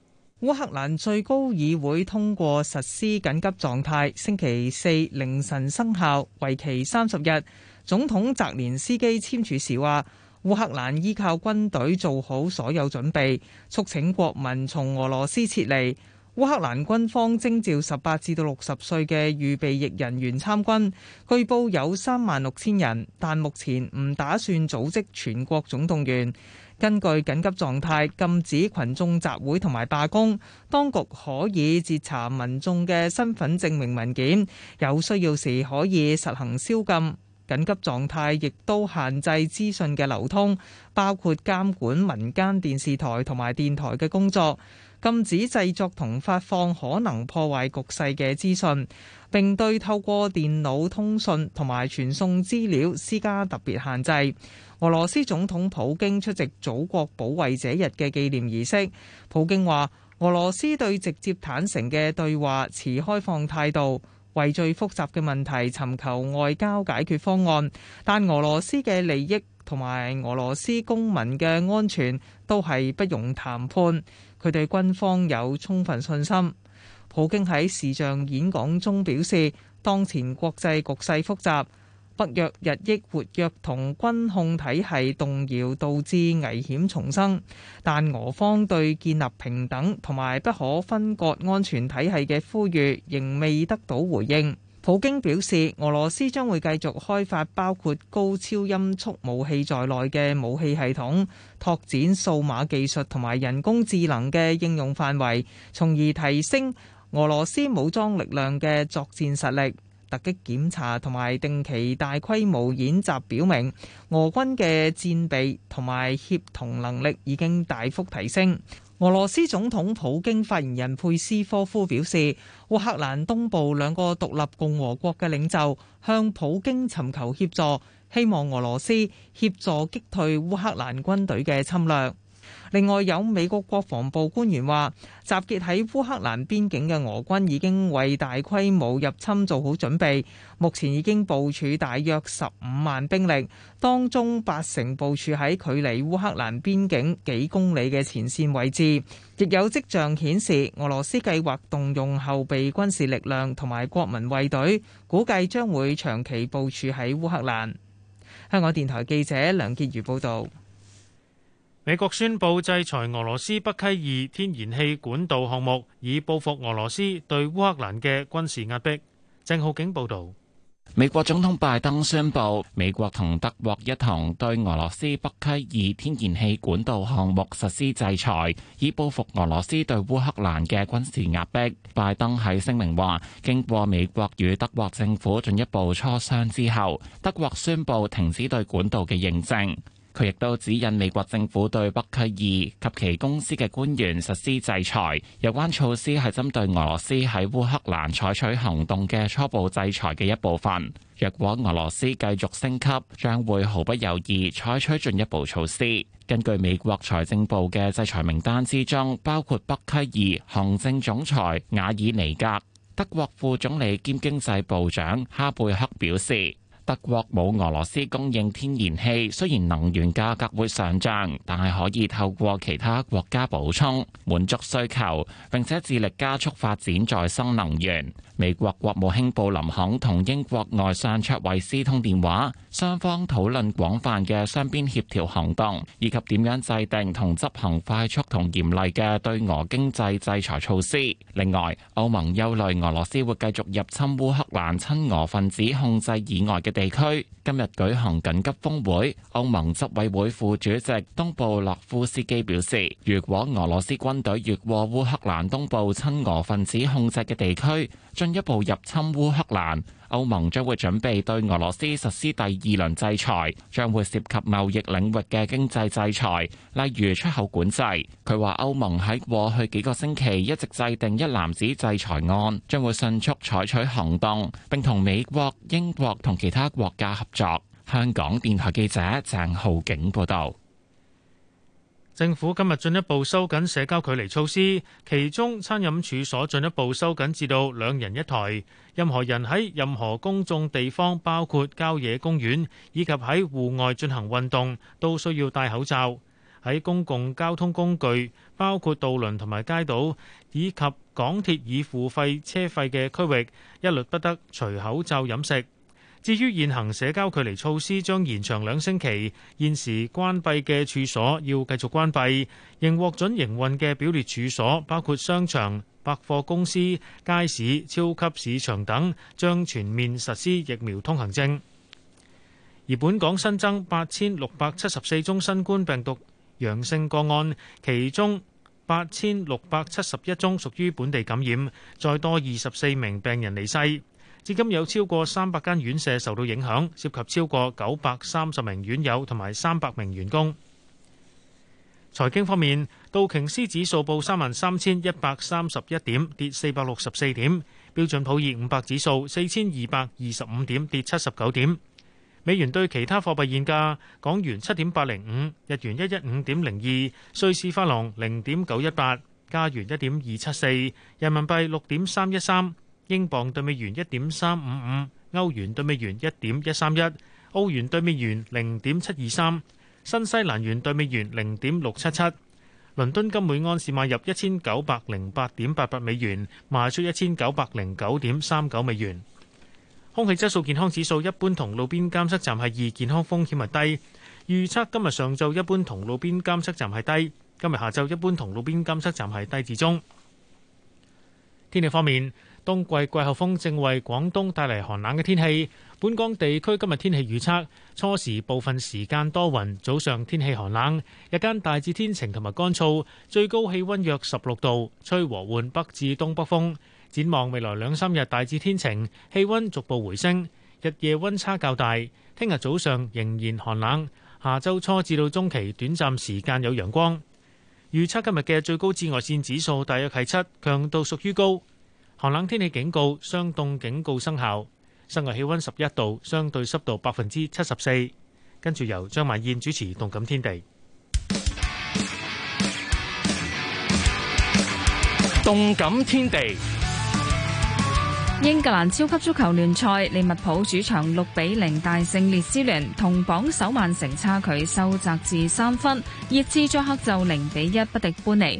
烏克蘭最高議會通過實施緊急狀態，星期四凌晨生效，為期三十日。總統澤連斯基簽署時話：烏克蘭依靠軍隊做好所有準備，促請國民從俄羅斯撤離。烏克蘭軍方徵召十八至到六十歲嘅預備役人員參軍，據報有三萬六千人，但目前唔打算組織全國總動員。根據緊急狀態禁止群眾集會同埋罷工，當局可以截查民眾嘅身份證明文件，有需要時可以實行宵禁。緊急狀態亦都限制資訊嘅流通，包括監管民間電視台同埋電台嘅工作，禁止製作同發放可能破壞局勢嘅資訊，並對透過電腦通訊同埋傳送資料施加特別限制。俄羅斯總統普京出席祖國保衛者日嘅紀念儀式。普京話：俄羅斯對直接坦誠嘅對話持開放態度，為最複雜嘅問題尋求外交解決方案。但俄羅斯嘅利益同埋俄羅斯公民嘅安全都係不容談判。佢對軍方有充分信心。普京喺視像演講中表示：當前國際局勢複雜。北約日益活躍同軍控體系動搖，導致危險重生。但俄方對建立平等同埋不可分割安全體系嘅呼籲，仍未得到回應。普京表示，俄羅斯將會繼續開發包括高超音速武器在內嘅武器系統，拓展數碼技術同埋人工智能嘅應用範圍，從而提升俄羅斯武裝力量嘅作戰實力。突擊檢查同埋定期大規模演習表明，俄軍嘅戰備同埋協同能力已經大幅提升。俄羅斯總統普京發言人佩斯科夫表示，烏克蘭東部兩個獨立共和國嘅領袖向普京尋求協助，希望俄羅斯協助擊退烏克蘭軍隊嘅侵略。另外有美國國防部官員話，集結喺烏克蘭邊境嘅俄軍已經為大規模入侵做好準備，目前已經部署大約十五萬兵力，當中八成部署喺距離烏克蘭邊境幾公里嘅前線位置，亦有跡象顯示俄羅斯計劃動用後備軍事力量同埋國民衛隊，估計將會長期部署喺烏克蘭。香港電台記者梁潔如報導。美國宣布制裁俄羅斯北溪二天然氣管道項目，以報復俄羅斯對烏克蘭嘅軍事壓迫。正浩景報道，美國總統拜登宣布，美國同德國一同對俄羅斯北溪二天然氣管道項目實施制裁，以報復俄羅斯對烏克蘭嘅軍事壓迫。拜登喺聲明話，經過美國與德國政府進一步磋商之後，德國宣布停止對管道嘅認證。佢亦都指引美國政府對北溪二及其公司嘅官員實施制裁，有關措施係針對俄羅斯喺烏克蘭採取行動嘅初步制裁嘅一部分。若果俄羅斯繼續升級，將會毫不猶豫採取進一步措施。根據美國財政部嘅制裁名單之中，包括北溪二行政總裁瓦爾尼格、德國副總理兼經濟部長哈貝克表示。德國冇俄羅斯供應天然氣，雖然能源價格會上漲，但係可以透過其他國家補充、滿足需求，並且致力加速發展再生能源。美國國務卿布林肯同英國外相卓慧思通電話，雙方討論廣泛嘅雙邊協調行動，以及點樣制定同執行快速同嚴厲嘅對俄經濟制裁措施。另外，歐盟憂慮俄羅斯會繼續入侵烏克蘭，親俄分子控制以外嘅。地區今日舉行緊急峰會，歐盟執委會副主席東布洛夫斯基表示，如果俄羅斯軍隊越過烏克蘭東部親俄分子控制嘅地區，進一步入侵烏克蘭。歐盟將會準備對俄羅斯實施第二輪制裁，將會涉及貿易領域嘅經濟制裁，例如出口管制。佢話，歐盟喺過去幾個星期一直制定一籃子制裁案，將會迅速採取行動，並同美國、英國同其他國家合作。香港電台記者鄭浩景報道。政府今日進一步收緊社交距離措施，其中餐飲處所進一步收緊至到兩人一枱。任何人喺任何公眾地方，包括郊野公園以及喺戶外進行運動，都需要戴口罩。喺公共交通工具，包括渡輪同埋街道，以及港鐵已付費車費嘅區域，一律不得除口罩飲食。至於現行社交距離措施將延長兩星期，現時關閉嘅處所要繼續關閉，仍獲准營運嘅表列處所，包括商場、百貨公司、街市、超級市場等，將全面實施疫苗通行證。而本港新增八千六百七十四宗新冠病毒陽性個案，其中八千六百七十一宗屬於本地感染，再多二十四名病人離世。至今有超過三百間院舍受到影響，涉及超過九百三十名院友同埋三百名員工。財經方面，道瓊斯指數報三萬三千一百三十一點，跌四百六十四點；標準普爾五百指數四千二百二十五點，跌七十九點。美元對其他貨幣現價：港元七點八零五，日元一一五點零二，瑞士法郎零點九一八，加元一點二七四，人民幣六點三一三。英鎊兌美元一點三五五，歐元兌美元一點一三一，澳元兌美元零點七二三，新西蘭元兌美元零點六七七。倫敦金每安士買入一千九百零八點八八美元，賣出一千九百零九點三九美元。空氣質素健康指數一般，同路邊監測站係二，健康風險係低。預測今日上晝一般同路邊監測站係低，今日下晝一般同路邊監測站係低至中。天氣方面。冬季季候風正為廣東帶嚟寒冷嘅天氣，本港地區今日天氣預測，初時部分時間多雲，早上天氣寒冷，日間大致天晴同埋乾燥，最高氣溫約十六度，吹和緩北至東北風，展望未來兩三日大致天晴，氣溫逐步回升，日夜溫差較大。聽日早上仍然寒冷，下周初至到中期短暫時間有陽光。預測今日嘅最高紫外線指數大約係七，強度屬於高。寒冷天氣警告，霜凍警告生效。室外氣温十一度，相對濕度百分之七十四。跟住由張曼燕主持《動感天地》。動感天地。英格蘭超級足球聯賽，利物浦主場六比零大勝列斯聯，同榜首曼城差距收窄至三分。熱刺作客就零比一不敵般尼。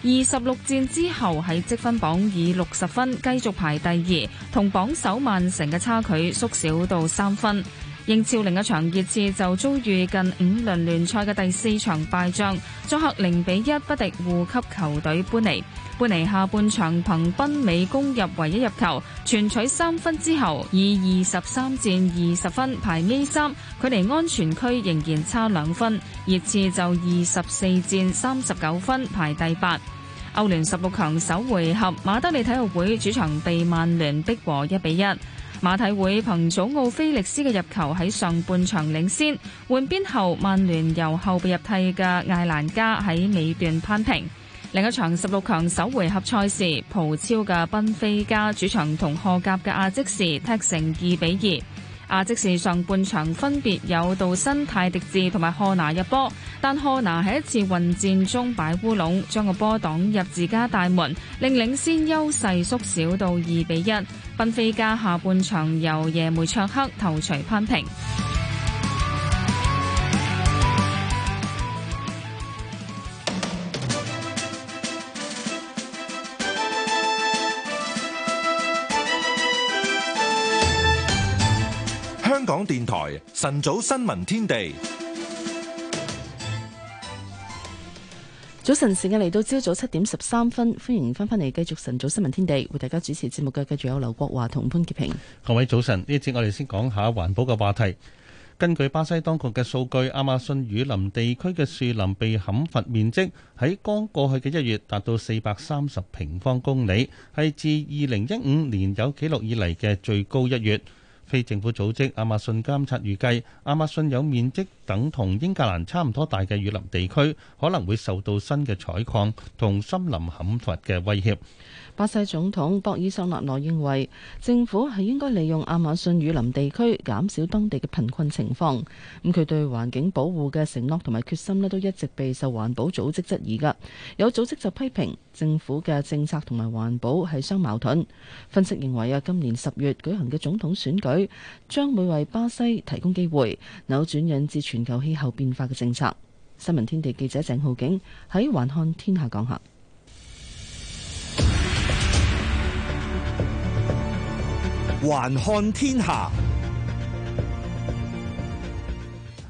二十六戰之後，喺積分榜以六十分繼續排第二，同榜首曼城嘅差距縮小到三分。英超另一場熱刺就遭遇近五輪聯賽嘅第四場敗仗，作客零比一不敵護級球隊般尼。般尼下半場憑賓美攻入唯一入球，全取三分之後以二十三戰二十分排尾三，距離安全區仍然差兩分。熱刺就二十四戰三十九分排第八。歐聯十六強首回合，馬德里體育會主場被曼聯逼和一比一。馬體會憑祖奧菲力斯嘅入球喺上半場領先，換邊後曼聯由後備入替嘅艾蘭加喺尾段扳平。另一場十六強首回合賽事，葡超嘅賓菲加主場同荷甲嘅阿積士踢成二比二。亞積士上半場分別有道森泰迪治同埋賀拿入波，但賀拿喺一次混戰中擺烏龍，將個波擋入自家大門，令領先優勢縮，縮小到二比一。賓菲加下半場由耶梅卓克頭槌扳平。電台晨早新聞天地，早晨時間嚟到朝早七點十三分，歡迎翻返嚟繼續晨早新聞天地，為大家主持節目嘅，繼續有劉國華同潘潔平。各位早晨，呢節我哋先講下環保嘅話題。根據巴西當局嘅數據，亞馬遜雨林地區嘅樹林被砍伐面積喺剛過去嘅一月達到四百三十平方公里，係自二零一五年有紀錄以嚟嘅最高一月。非政府組織亞馬遜監察預計，亞馬遜有面積等同英格蘭差唔多大嘅雨林地區，可能會受到新嘅採礦同森林砍伐嘅威脅。巴西總統博爾桑納羅認為政府係應該利用亞馬遜雨林地區減少當地嘅貧困情況。咁、嗯、佢對環境保護嘅承諾同埋決心咧，都一直備受環保組織質疑。噶有組織就批評政府嘅政策同埋環保係相矛盾。分析認為啊，今年十月舉行嘅總統選舉將會為巴西提供機會，扭轉引致全球氣候變化嘅政策。新聞天地記者鄭浩景喺環看天下講下。還看天下。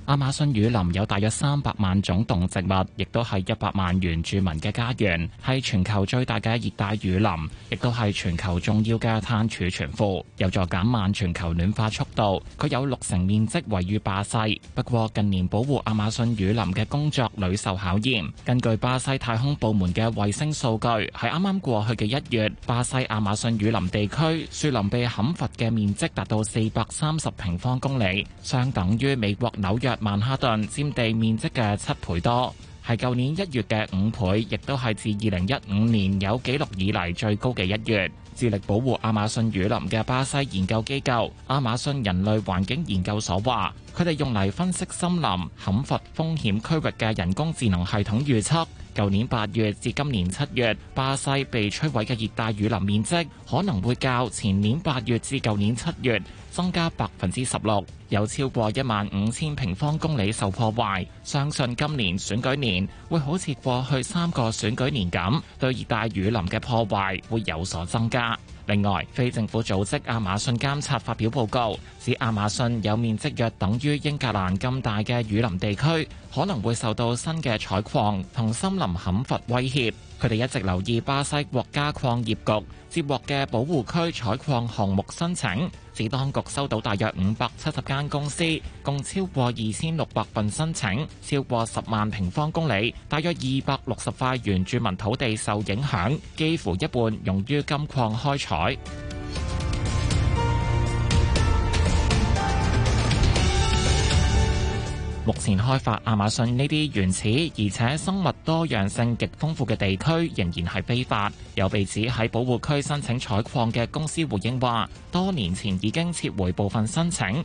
亞馬遜雨林有大約三百萬種動植物，亦都係一百萬原住民嘅家園，係全球最大嘅熱帶雨林，亦都係全球重要嘅碳儲存庫，有助減慢全球暖化速度。佢有六成面積位於巴西，不過近年保護亞馬遜雨林嘅工作屢受考驗。根據巴西太空部門嘅衛星數據，喺啱啱過去嘅一月，巴西亞馬遜雨林地區樹林被砍伐嘅面積達到四百三十平方公里，相等於美國紐約曼哈頓佔地面積嘅七倍多，係舊年一月嘅五倍，亦都係自二零一五年有記錄以嚟最高嘅一月。致力保護亞馬遜雨林嘅巴西研究機構亞馬遜人類環境研究所話，佢哋用嚟分析森林砍伐風險區域嘅人工智能系統預測。舊年八月至今年七月，巴西被摧毀嘅熱帶雨林面積可能會較前年八月至舊年七月增加百分之十六，有超過一萬五千平方公里受破壞。相信今年選舉年會好似過去三個選舉年咁，對熱帶雨林嘅破壞會有所增加。另外，非政府組織亞馬遜監察發表報告，指亞馬遜有面積約等於英格蘭咁大嘅雨林地區，可能會受到新嘅採礦同森林砍伐威脅。佢哋一直留意巴西國家礦業局接獲嘅保護區採礦項目申請，指當局收到大約五百七十間公司，共超過二千六百份申請，超過十萬平方公里，大約二百六十塊原住民土地受影響，幾乎一半用於金礦開採。目前開發亞馬遜呢啲原始而且生物多樣性極豐富嘅地區，仍然係非法。有被指喺保護區申請採礦嘅公司回應話，多年前已經撤回部分申請。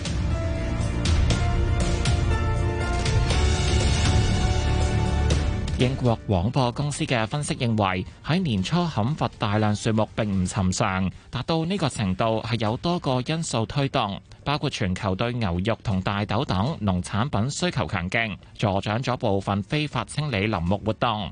英國廣播公司嘅分析認為，喺年初砍伐大量樹木並唔尋常，達到呢個程度係有多個因素推動，包括全球對牛肉同大豆等農產品需求強勁，助長咗部分非法清理林木活動。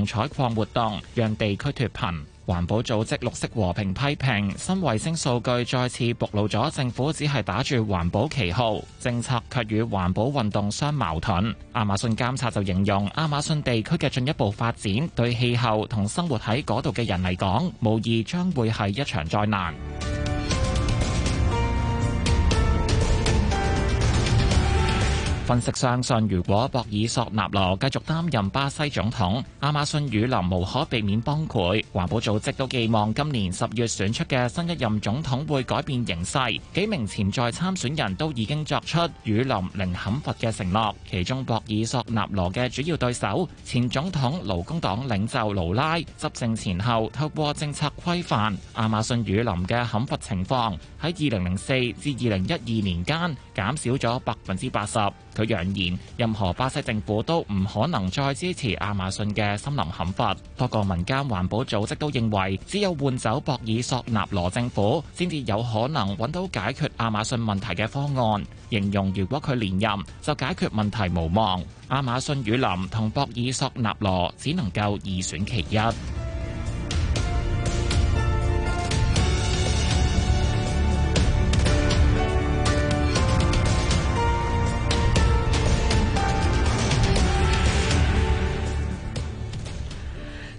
採礦活動讓地區脫貧，環保組織綠色和平批評新衛星數據再次暴露咗政府只係打住環保旗號，政策卻與環保運動相矛盾。亞馬遜監察就形容，亞馬遜地區嘅進一步發展對氣候同生活喺嗰度嘅人嚟講，無疑將會係一場災難。分析相信，如果博爾索納羅繼續擔任巴西總統，亞馬遜雨林無可避免崩潰。環保組織都寄望今年十月選出嘅新一任總統會改變形勢。幾名潛在參選人都已經作出雨林零砍伐嘅承諾。其中，博爾索納羅嘅主要對手、前總統勞工黨領袖盧拉，執政前後透過政策規範亞馬遜雨林嘅砍伐情況，喺二零零四至二零一二年間減少咗百分之八十。佢揚言，任何巴西政府都唔可能再支持亞馬遜嘅森林砍伐。多個民間環保組織都認為，只有換走博爾索納羅政府，先至有可能揾到解決亞馬遜問題嘅方案。形容如果佢連任，就解決問題無望。亞馬遜雨林同博爾索納羅只能夠二選其一。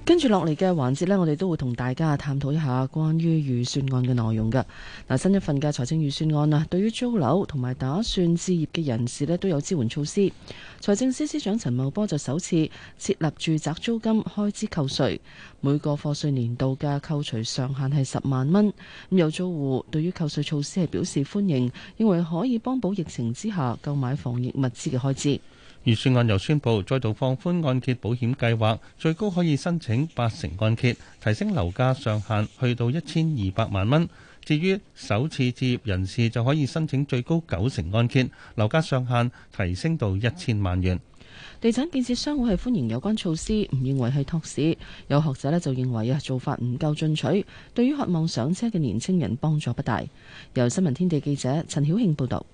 跟住落嚟嘅環節呢，我哋都會同大家探討一下關於預算案嘅內容㗎。嗱，新一份嘅財政預算案啊，對於租樓同埋打算置業嘅人士呢，都有支援措施。財政司司長陳茂波就首次設立住宅租金開支扣稅，每個課稅年度嘅扣除上限係十萬蚊。咁有租戶對於扣稅措施係表示歡迎，認為可以幫補疫情之下購買防疫物資嘅開支。預算案又宣佈再度放寬按揭保險計劃，最高可以申請八成按揭，提升樓價上限去到一千二百萬蚊。至於首次置業人士就可以申請最高九成按揭，樓價上限提升到一千萬元。地產建設商會係歡迎有關措施，唔認為係托市。有學者咧就認為啊做法唔夠進取，對於渴望上車嘅年輕人幫助不大。由新聞天地記者陳曉慶報導。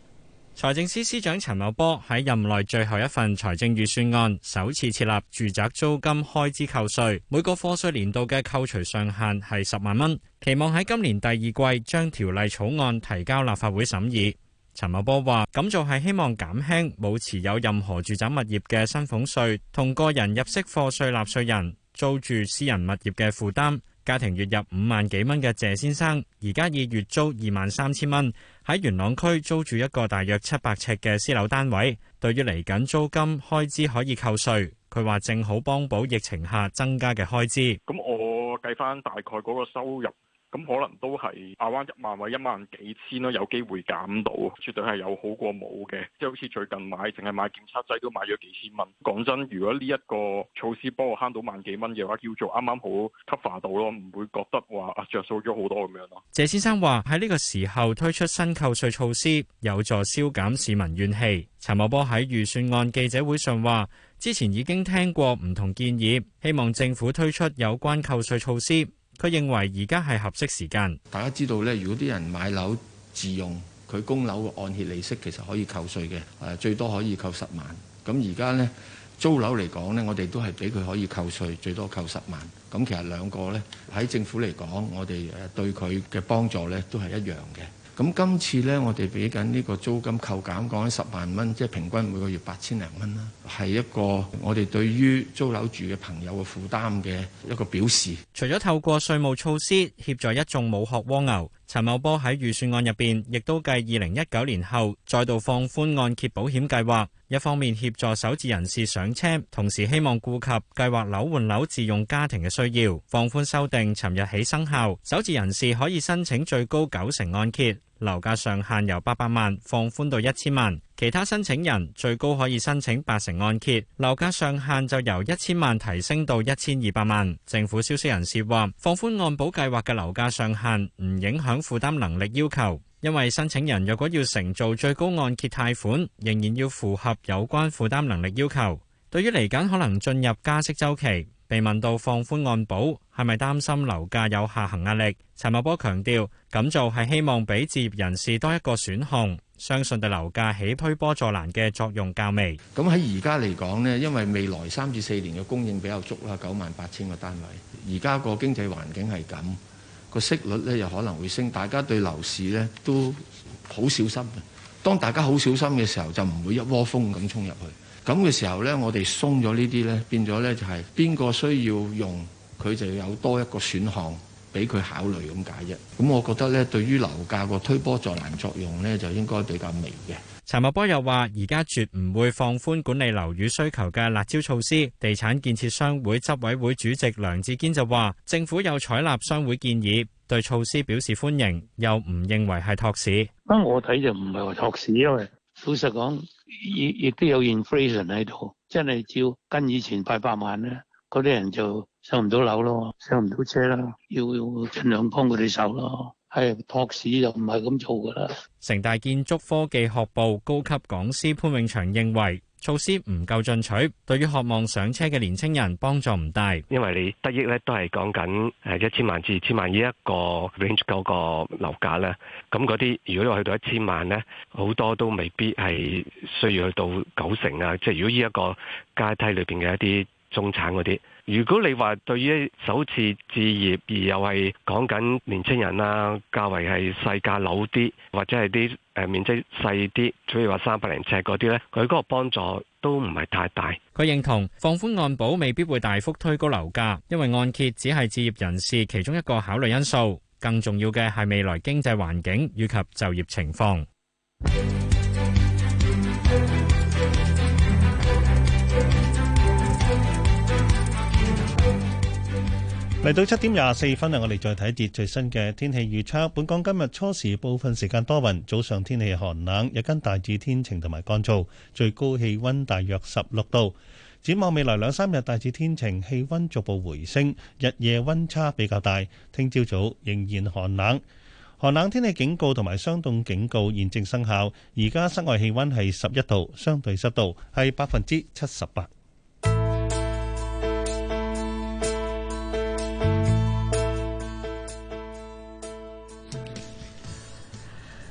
財政司司長陳茂波喺任內最後一份財政預算案首次設立住宅租金開支扣稅，每個課稅年度嘅扣除上限係十萬蚊，期望喺今年第二季將條例草案提交立法會審議。陳茂波話：咁做係希望減輕冇持有任何住宅物業嘅薪俸稅同個人入息課稅納稅人租住私人物業嘅負擔。家庭月入五萬幾蚊嘅謝先生，而家以月租二萬三千蚊喺元朗區租住一個大約七百尺嘅私樓單位。對於嚟緊租金開支可以扣稅，佢話正好幫補疫情下增加嘅開支。咁我計返大概嗰個收入。咁可能都係亞灣一萬或一萬幾千咯，有機會減到，絕對係有好過冇嘅。即係好似最近買，淨係買檢測劑都買咗幾千蚊。講真，如果呢一個措施幫我慳到萬幾蚊嘅話，叫做啱啱好 cover 到咯，唔會覺得話著數咗好多咁樣咯。謝先生話：喺呢個時候推出新扣稅措施，有助消減市民怨氣。陳茂波喺預算案記者會上話：之前已經聽過唔同建議，希望政府推出有關扣稅措施。佢認為而家係合適時間。大家知道呢，如果啲人買樓自用，佢供樓嘅按揭利息其實可以扣稅嘅，誒最多可以扣十萬。咁而家呢，租樓嚟講呢，我哋都係俾佢可以扣稅，最多扣十萬。咁其實兩個呢，喺政府嚟講，我哋誒對佢嘅幫助呢都係一樣嘅。咁今次呢，我哋俾緊呢個租金扣減，講緊十萬蚊，即係平均每個月八千零蚊啦，係一個我哋對於租樓住嘅朋友嘅負擔嘅一個表示。除咗透過稅務措施協助一眾冇殼蝸牛，陳茂波喺預算案入邊亦都繼二零一九年後再度放寬按揭保險計劃，一方面協助首置人士上車，同時希望顧及計劃樓換樓自用家庭嘅需要，放寬修訂，尋日起生效，首置人士可以申請最高九成按揭。樓價上限由八百萬放寬到一千萬，其他申請人最高可以申請八成按揭，樓價上限就由一千萬提升到一千二百萬。政府消息人士話，放寬按保計劃嘅樓價上限唔影響負擔能力要求，因為申請人若果要承做最高按揭貸款，仍然要符合有關負擔能力要求。對於嚟緊可能進入加息週期。被問到放寬按保係咪擔心樓價有下行壓力，陳茂波強調：咁做係希望俾置業人士多一個選項，相信對樓價起推波助瀾嘅作用較微。咁喺而家嚟講呢，因為未來三至四年嘅供應比較足啦，九萬八千個單位。而家個經濟環境係咁，個息率呢又可能會升，大家對樓市呢都好小心嘅。當大家好小心嘅時候，就唔會一窩蜂咁衝入去。咁嘅時候呢，我哋鬆咗呢啲呢，變咗呢，就係邊個需要用佢就有多一個選項俾佢考慮咁解啫。咁我覺得呢，對於樓價個推波助瀾作用呢，就應該比較微嘅。陳茂波又話：而家絕唔會放寬管理樓宇需求嘅辣椒措施。地產建設商會執委會主席梁志堅就話：政府有採納商會建議，對措施表示歡迎，又唔認為係托市。咁，我睇就唔係話托市，因為老實講，亦亦都有 inflation 喺度，真係照跟以前八百萬咧，嗰啲人就上唔到樓咯，上唔到車啦，要盡量幫佢哋手咯，係托市就唔係咁做噶啦。城大建築科技學部高級講師潘永祥認為。措施唔夠進取，對於渴望上車嘅年青人幫助唔大，因為你得益咧都係講緊誒一千萬至二千萬呢一個 range 嗰個樓價咧，咁嗰啲如果你去到一千萬咧，好多都未必係需要去到九成啊，即係如果呢一個階梯裏邊嘅一啲中產嗰啲。如果你話對於首次置業，而又係講緊年青人啦，啊，較為係細價樓啲，或者係啲誒面積細啲，所以話三百零尺嗰啲呢，佢嗰個幫助都唔係太大。佢認同放寬按保未必會大幅推高樓價，因為按揭只係置業人士其中一個考慮因素，更重要嘅係未來經濟環境以及就業情況。 嚟到七點廿四分啊，我哋再睇一節最新嘅天氣預測。本港今日初時部分時間多雲，早上天氣寒冷，日間大致天晴同埋乾燥，最高氣溫大約十六度。展望未來兩三日大致天晴，氣溫逐步回升，日夜溫差比較大。聽朝早仍然寒冷，寒冷天氣警告同埋霜凍警告現正生效。而家室外氣溫係十一度，相對濕度係百分之七十八。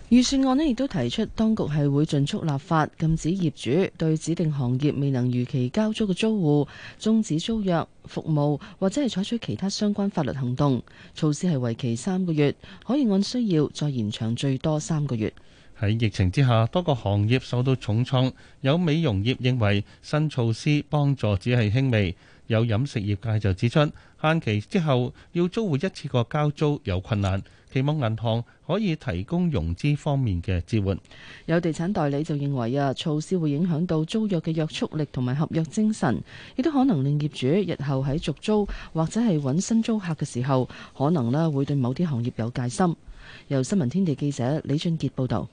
預算案咧，亦都提出，當局係會盡速立法禁止業主對指定行業未能如期交租嘅租戶終止租約服務，或者係採取其他相關法律行動。措施係為期三個月，可以按需要再延長最多三個月。喺疫情之下，多個行業受到重創，有美容業認為新措施幫助只係輕微，有飲食業界就指出限期之後要租戶一次過交租有困難。地方銀行可以提供融資方面嘅支援。有地產代理就認為啊，措施會影響到租約嘅約束力同埋合約精神，亦都可能令業主日後喺續租或者係揾新租客嘅時候，可能咧會對某啲行業有戒心。由新聞天地記者李俊傑報導。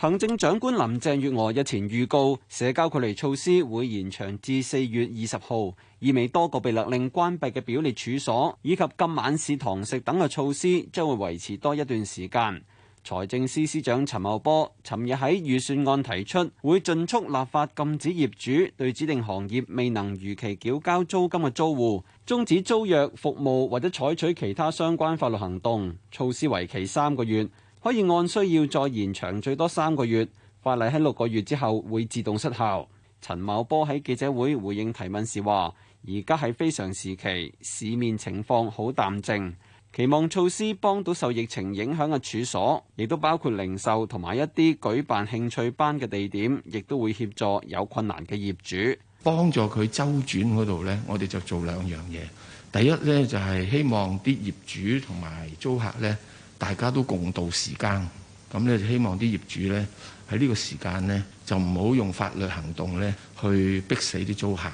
行政長官林鄭月娥日前預告，社交距離措施會延長至四月二十號，意味多個被勒令關閉嘅表列處所以及今晚市堂食等嘅措施將會維持多一段時間。財政司司長陳茂波尋日喺預算案提出，會盡速立法禁止業主對指定行業未能如期繳交租金嘅租戶終止租約服務或者採取其他相關法律行動，措施為期三個月。可以按需要再延長最多三個月，法例喺六個月之後會自動失效。陳茂波喺記者會回應提問時話，而家係非常時期，市面情況好淡靜，期望措施幫到受疫情影響嘅處所，亦都包括零售同埋一啲舉辦興趣班嘅地點，亦都會協助有困難嘅業主，幫助佢周轉嗰度咧。我哋就做兩樣嘢，第一咧就係、是、希望啲業主同埋租客咧。大家都共度時間，咁咧希望啲業主呢喺呢個時間呢，就唔好用法律行動呢去逼死啲租客，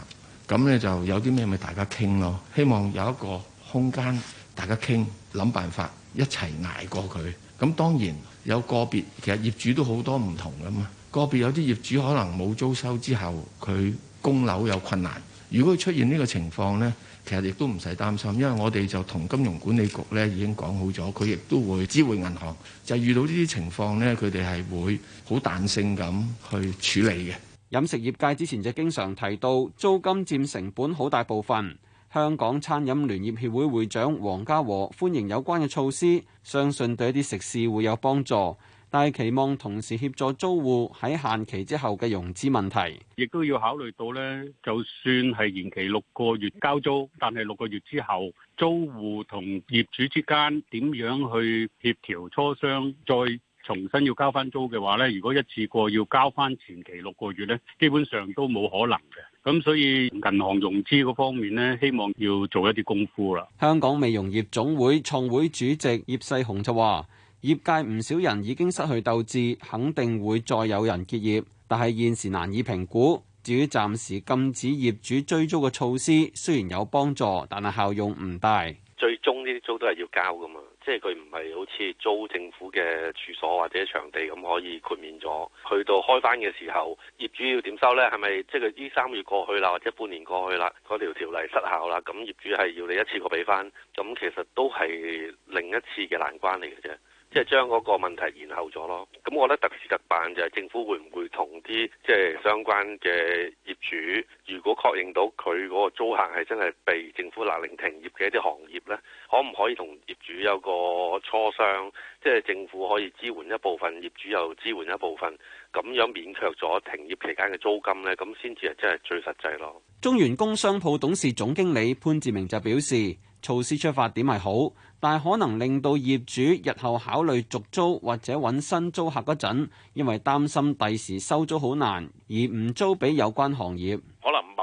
咁呢就有啲咩咪大家傾咯，希望有一個空間大家傾，諗辦法一齊捱過佢。咁當然有個別其實業主都好多唔同㗎嘛，個別有啲業主可能冇租收之後佢供樓有困難，如果出現呢個情況呢。其實亦都唔使擔心，因為我哋就同金融管理局咧已經講好咗，佢亦都會知會銀行。就遇到呢啲情況呢，佢哋係會好彈性咁去處理嘅。飲食業界之前就經常提到租金佔成本好大部分。香港餐飲聯業協會會長黃家和歡迎有關嘅措施，相信對一啲食肆會有幫助。但係期望同時協助租戶喺限期之後嘅融資問題，亦都要考慮到咧。就算係延期六個月交租，但係六個月之後，租戶同業主之間點樣去協調磋商，再重新要交翻租嘅話咧，如果一次過要交翻前期六個月咧，基本上都冇可能嘅。咁所以銀行融資嗰方面咧，希望要做一啲功夫啦。香港美容業總會創會主席葉世雄就話。業界唔少人已經失去鬥志，肯定會再有人結業，但係現時難以評估。至於暫時禁止業主追租嘅措施，雖然有幫助，但係效用唔大。最終呢啲租都係要交噶嘛，即係佢唔係好似租政府嘅處所或者場地咁可以豁免咗。去到開翻嘅時候，業主要點收呢？係咪即係呢三月過去啦，或者半年過去啦，嗰條條例失效啦？咁業主係要你一次過俾翻，咁其實都係另一次嘅難關嚟嘅啫。即係將嗰個問題延後咗咯。咁我覺得特事特辦就係政府會唔會同啲即係相關嘅業主，如果確認到佢嗰個租客係真係被政府勒令停業嘅一啲行業呢，可唔可以同業主有個磋商？即係政府可以支援一部分，業主又支援一部分，咁樣勉強咗停業期間嘅租金呢？咁先至係真係最實際咯。中原工商鋪董事總經理潘志明就表示。措施出發點係好，但係可能令到業主日後考慮續租或者揾新租客嗰陣，因為擔心第時收租好難，而唔租俾有關行業。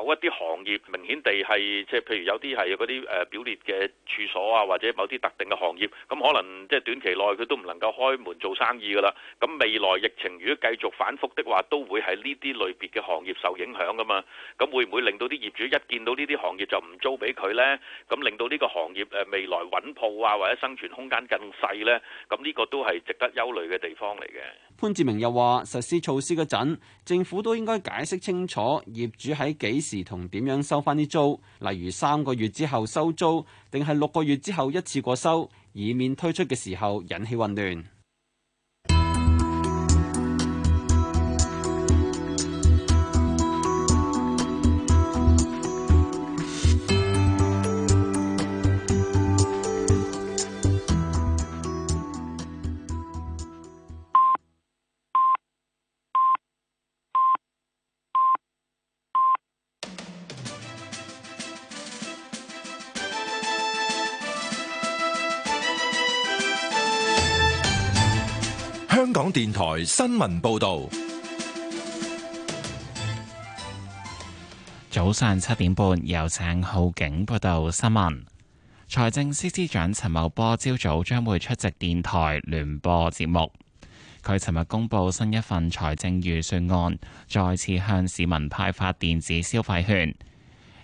某一啲行業明顯地係即係，譬如有啲係嗰啲誒表列嘅處所啊，或者某啲特定嘅行業，咁可能即係短期內佢都唔能夠開門做生意㗎喇。咁未來疫情如果繼續反覆的話，都會係呢啲類別嘅行業受影響㗎嘛。咁會唔會令到啲業主一見到呢啲行業就唔租俾佢呢？咁令到呢個行業誒未來揾鋪啊，或者生存空間更細呢？咁呢個都係值得憂慮嘅地方嚟嘅。潘志明又話：實施措施嗰陣，政府都應該解釋清楚業主喺幾時，同點樣收翻啲租？例如三個月之後收租，定係六個月之後一次過收，以免推出嘅時候引起混亂。電台新聞報道，早上七點半有請浩景報道新聞。財政司司長陳茂波朝早將會出席電台聯播節目。佢尋日公布新一份財政預算案，再次向市民派發電子消費券，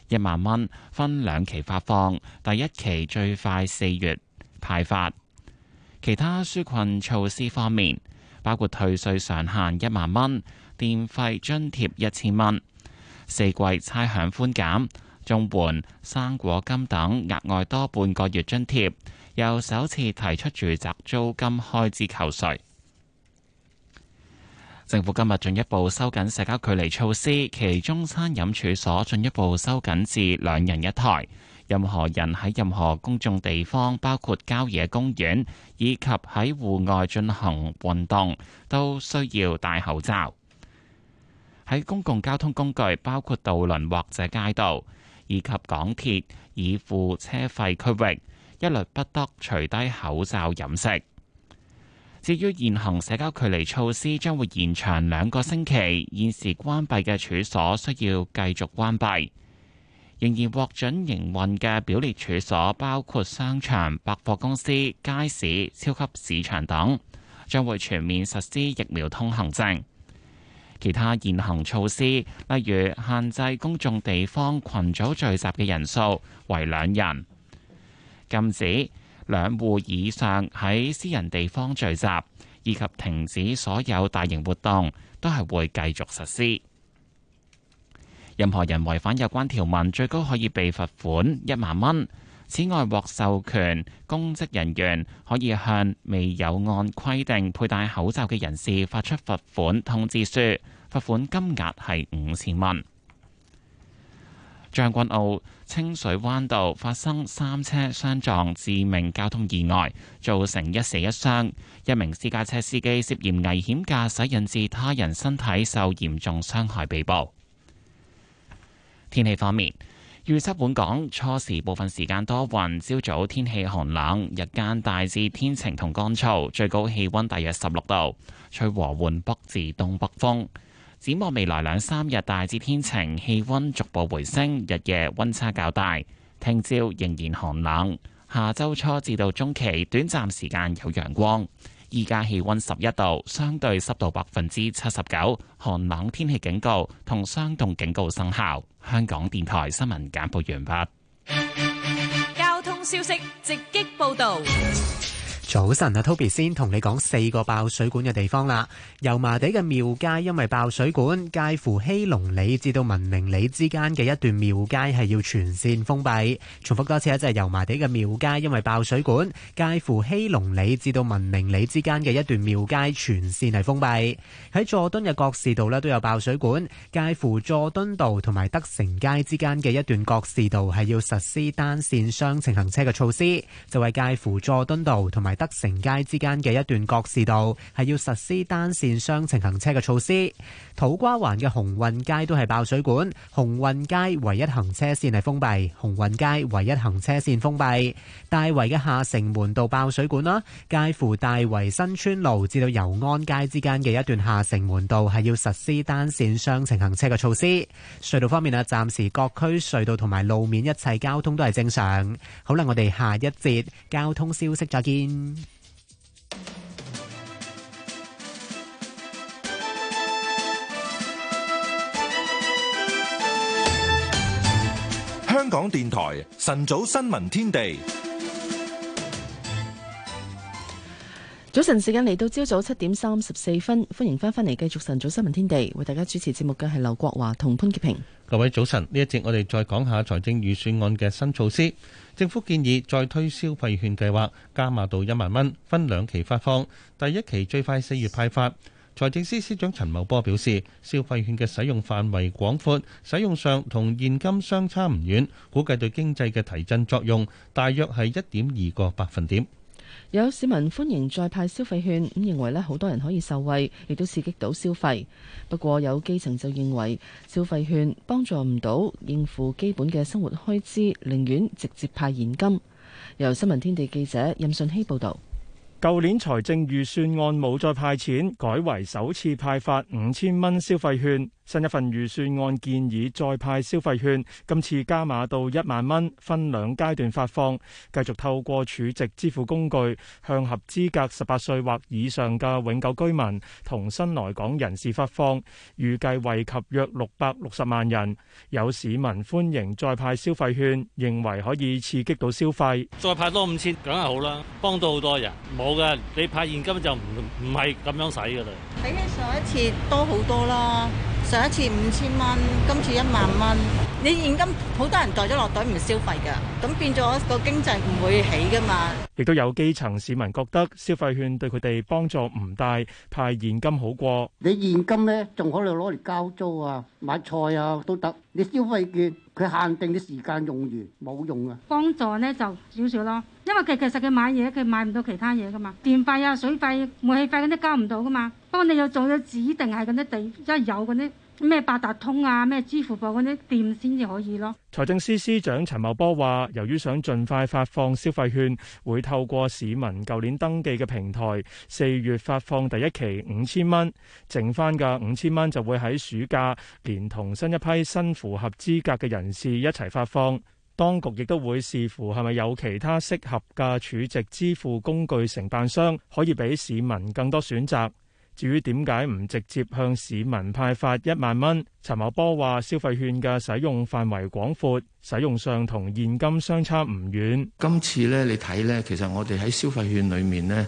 一萬蚊分兩期發放，第一期最快四月派發。其他紓困措施方面，包括退稅上限一萬蚊、電費津貼一千蚊、四季差餉寬減、綜援、生果金等額外多半個月津貼，又首次提出住宅租金開支扣稅。政府今日進一步收緊社交距離措施，其中餐飲處所進一步收緊至兩人一台。任何人喺任何公眾地方，包括郊野公園以及喺戶外進行運動，都需要戴口罩。喺公共交通工具，包括渡輪或者街道以及港鐵已付車費區域，一律不得除低口罩飲食。至於現行社交距離措施將會延長兩個星期，現時關閉嘅處所需要繼續關閉。仍然獲准營運嘅表列處所包括商場、百貨公司、街市、超級市場等，將會全面實施疫苗通行證。其他現行措施，例如限制公眾地方群組聚集嘅人數為兩人，禁止兩戶以上喺私人地方聚集，以及停止所有大型活動，都係會繼續實施。任何人違反有關條文，最高可以被罰款一萬蚊。此外，獲授權公職人員可以向未有按規定佩戴口罩嘅人士發出罰款通知書，罰款金額係五千蚊。將軍澳清水灣道發生三車相撞致命交通意外，造成一死一傷。一名私家車司機涉嫌危險駕駛，引致他人身體受嚴重傷害，被捕。天氣方面，預測本港初時部分時間多雲，朝早天氣寒冷，日間大致天晴同乾燥，最高氣溫大約十六度，吹和緩北至東北風。展望未來兩三日大致天晴，氣溫逐步回升，日夜溫差較大。聽朝仍然寒冷，下周初至到中期短暫時間有陽光。依家氣溫十一度，相對濕度百分之七十九，寒冷天氣警告同霜凍警告生效。香港電台新聞簡報完畢。交通消息直擊報道。早晨啊，Toby 先同你講四個爆水管嘅地方啦。油麻地嘅廟街因為爆水管，介乎禧隆里至到文明里之間嘅一段廟街係要全線封閉。重複多次啊，就係、是、油麻地嘅廟街因為爆水管，介乎禧隆里至到文明里之間嘅一段廟街全線係封閉。喺佐敦嘅各市道咧都有爆水管，介乎佐敦道同埋德成街之間嘅一段各市道係要實施單線雙程行車嘅措施。就係介乎佐敦道同埋，德城街之間嘅一段覺士道係要實施單綫雙程行車嘅措施，土瓜灣嘅鴻運街都係爆水管，鴻運街唯一行車綫係封閉，鴻運街唯一行車綫封閉。大圍嘅下城門道爆水管啦，介乎大圍新村路至到油安街之間嘅一段下城門道係要實施單綫雙程行車嘅措施。隧道方面啊，暫時各區隧道同埋路面一切交通都係正常。好啦，我哋下一節交通消息再見。香港電台晨早新聞天地，早晨時間嚟到朝早七點三十四分，歡迎翻返嚟繼續晨早新聞天地，為大家主持節目嘅係劉國華同潘潔平。各位早晨，呢一節我哋再講下財政預算案嘅新措施。政府建議再推消費券計劃，加碼到一萬蚊，分兩期發放，第一期最快四月派發。財政司司長陳茂波表示，消費券嘅使用範圍廣闊，使用上同現金相差唔遠，估計對經濟嘅提振作用大約係一點二個百分點。有市民歡迎再派消費券，咁認為咧好多人可以受惠，亦都刺激到消費。不過有基層就認為消費券幫助唔到應付基本嘅生活開支，寧願直接派現金。由新聞天地記者任信希報導，舊年財政預算案冇再派錢，改為首次派發五千蚊消費券。新一份預算案建議再派消費券，今次加碼到一萬蚊，分兩階段發放，繼續透過儲值支付工具向合資格十八歲或以上嘅永久居民同新來港人士發放，預計惠及約六百六十萬人。有市民歡迎再派消費券，認為可以刺激到消費。再派多五千梗係好啦，幫到好多人。冇㗎，你派現金就唔唔係咁樣使㗎啦。比起上一次多好多啦，一次五千蚊，今次一萬蚊。你現金好多人袋咗落袋唔消費噶，咁變咗個經濟唔會起噶嘛。亦都有基層市民覺得消費券對佢哋幫助唔大，派現金好過。你現金咧，仲可以攞嚟交租啊、買菜啊都得。你消費券，佢限定嘅時間用完冇用啊。幫助咧就少少咯，因為佢其實佢買嘢，佢買唔到其他嘢噶嘛。電費啊、水費、煤氣費嗰啲交唔到噶嘛。不過你又做咗指定係嗰啲地，一有嗰啲。咩八達通啊，咩支付寶嗰啲店先至可以咯。財政司司長陳茂波話，由於想盡快發放消費券，會透過市民舊年登記嘅平台，四月發放第一期五千蚊，剩翻嘅五千蚊就會喺暑假，連同新一批新符合資格嘅人士一齊發放。當局亦都會視乎係咪有其他適合嘅儲值支付工具承辦商，可以俾市民更多選擇。至於點解唔直接向市民派發一萬蚊？陳茂波話：消費券嘅使用範圍廣闊，使用上同現金相差唔遠。今次呢，你睇呢，其實我哋喺消費券裏面呢，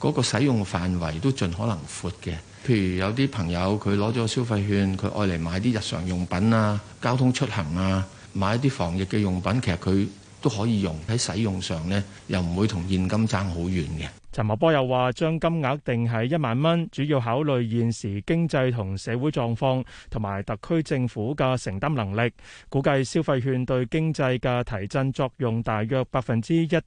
嗰個使用範圍都盡可能闊嘅。譬如有啲朋友佢攞咗消費券，佢愛嚟買啲日常用品啊，交通出行啊，買啲防疫嘅用品，其實佢都可以用，喺使用上呢又唔會同現金爭好遠嘅。陳茂波又話將金額定喺一萬蚊，主要考慮現時經濟同社會狀況同埋特區政府嘅承擔能力。估計消費券對經濟嘅提振作用大約百分之一點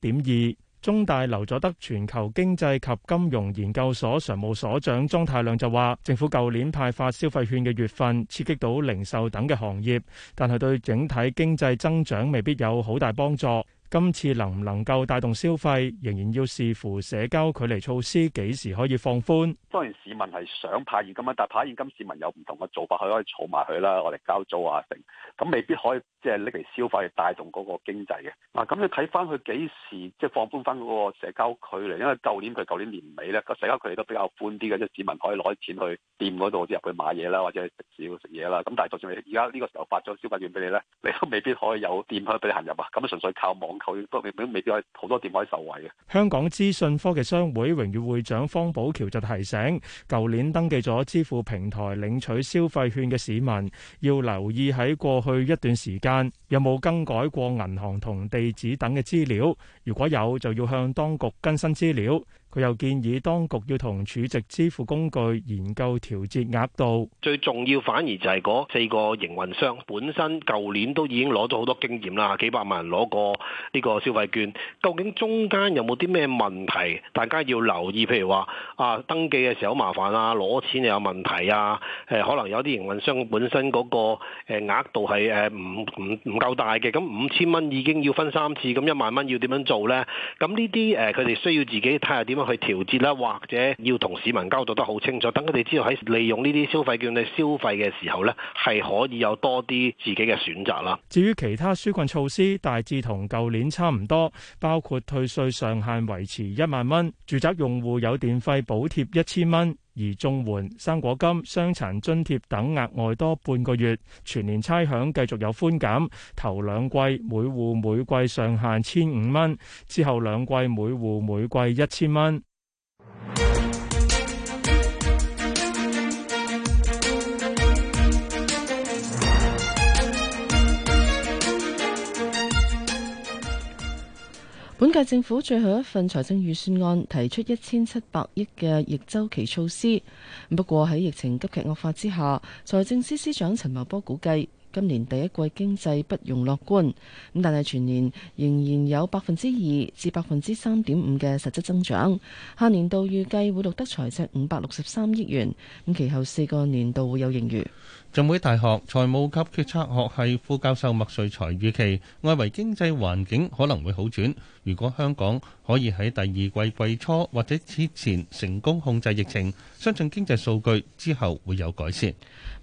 二。中大劉佐德全球經濟及金融研究所常務所長莊太亮就話政府舊年派發消費券嘅月份，刺激到零售等嘅行業，但係對整體經濟增長未必有好大幫助。今次能唔能夠帶動消費，仍然要視乎社交距離措施幾時可以放寬。當然市民係想派現金啊，但係派現金市民有唔同嘅做法，佢可以儲埋佢啦，我哋交租啊，成咁未必可以即係拎嚟消費，帶動嗰個經濟嘅。嗱、啊，咁你睇翻佢幾時即係放寬翻嗰個社交距離，因為舊年佢舊年年尾咧，個社交距離都比較寬啲嘅，即係市民可以攞啲錢去店嗰度或者入去買嘢啦，或者食食嘢啦。咁但係就算你而家呢個時候發咗消費券俾你咧，你都未必可以有店去俾你行入啊。咁純粹靠網。好多未必受惠。香港資訊科技商會榮譽會長方寶橋就提醒，舊年登記咗支付平台領取消費券嘅市民，要留意喺過去一段時間有冇更改過銀行同地址等嘅資料。如果有，就要向當局更新資料。佢又建議當局要同儲值支付工具研究調節額度，最重要反而就係嗰四個營運商本身，舊年都已經攞咗好多經驗啦，幾百萬人攞過呢個消費券，究竟中間有冇啲咩問題？大家要留意，譬如話啊，登記嘅時候好麻煩啊，攞錢又有問題啊，誒，可能有啲營運商本身嗰個誒額度係誒唔唔唔夠大嘅，咁五千蚊已經要分三次，咁一萬蚊要點樣做咧？咁呢啲誒，佢哋需要自己睇下點樣。去調節啦，或者要同市民交代得好清楚，等佢哋知道喺利用呢啲消費券嚟消費嘅時候呢，係可以有多啲自己嘅選擇啦。至於其他紓困措施，大致同舊年差唔多，包括退稅上限維持一萬蚊，住宅用戶有電費補貼一千蚊。而綜援、生果金、傷殘津貼等額外多半個月，全年差餉繼續有寬減。頭兩季每戶每季上限千五蚊，之後兩季每戶每季一千蚊。本屆政府最後一份財政預算案提出一千七百億嘅逆周期措施，不過喺疫情急劇惡化之下，財政司司長陳茂波估計今年第一季經濟不容樂觀，咁但係全年仍然有百分之二至百分之三點五嘅實質增長。下年度預計會錄得財政五百六十三億元，咁其後四個年度會有盈餘。浸會大學財務及決策學系副教授麥瑞才預期，外圍經濟環境可能會好轉。如果香港可以喺第二季季初或者之前成功控制疫情，相信經濟數據之後會有改善。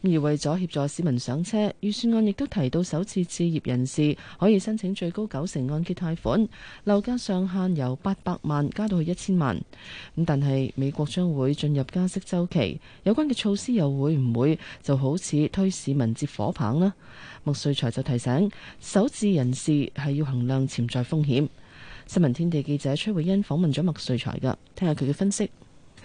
而為咗協助市民上車，預算案亦都提到首次置業人士可以申請最高九成按揭貸款，樓價上限由八百萬加到去一千萬。咁但係美國將會進入加息週期，有關嘅措施又會唔會就好似推市民接火棒啦！麥瑞才就提醒，首置人士係要衡量潛在風險。新聞天地記者崔慧欣訪問咗麥瑞才噶，聽下佢嘅分析。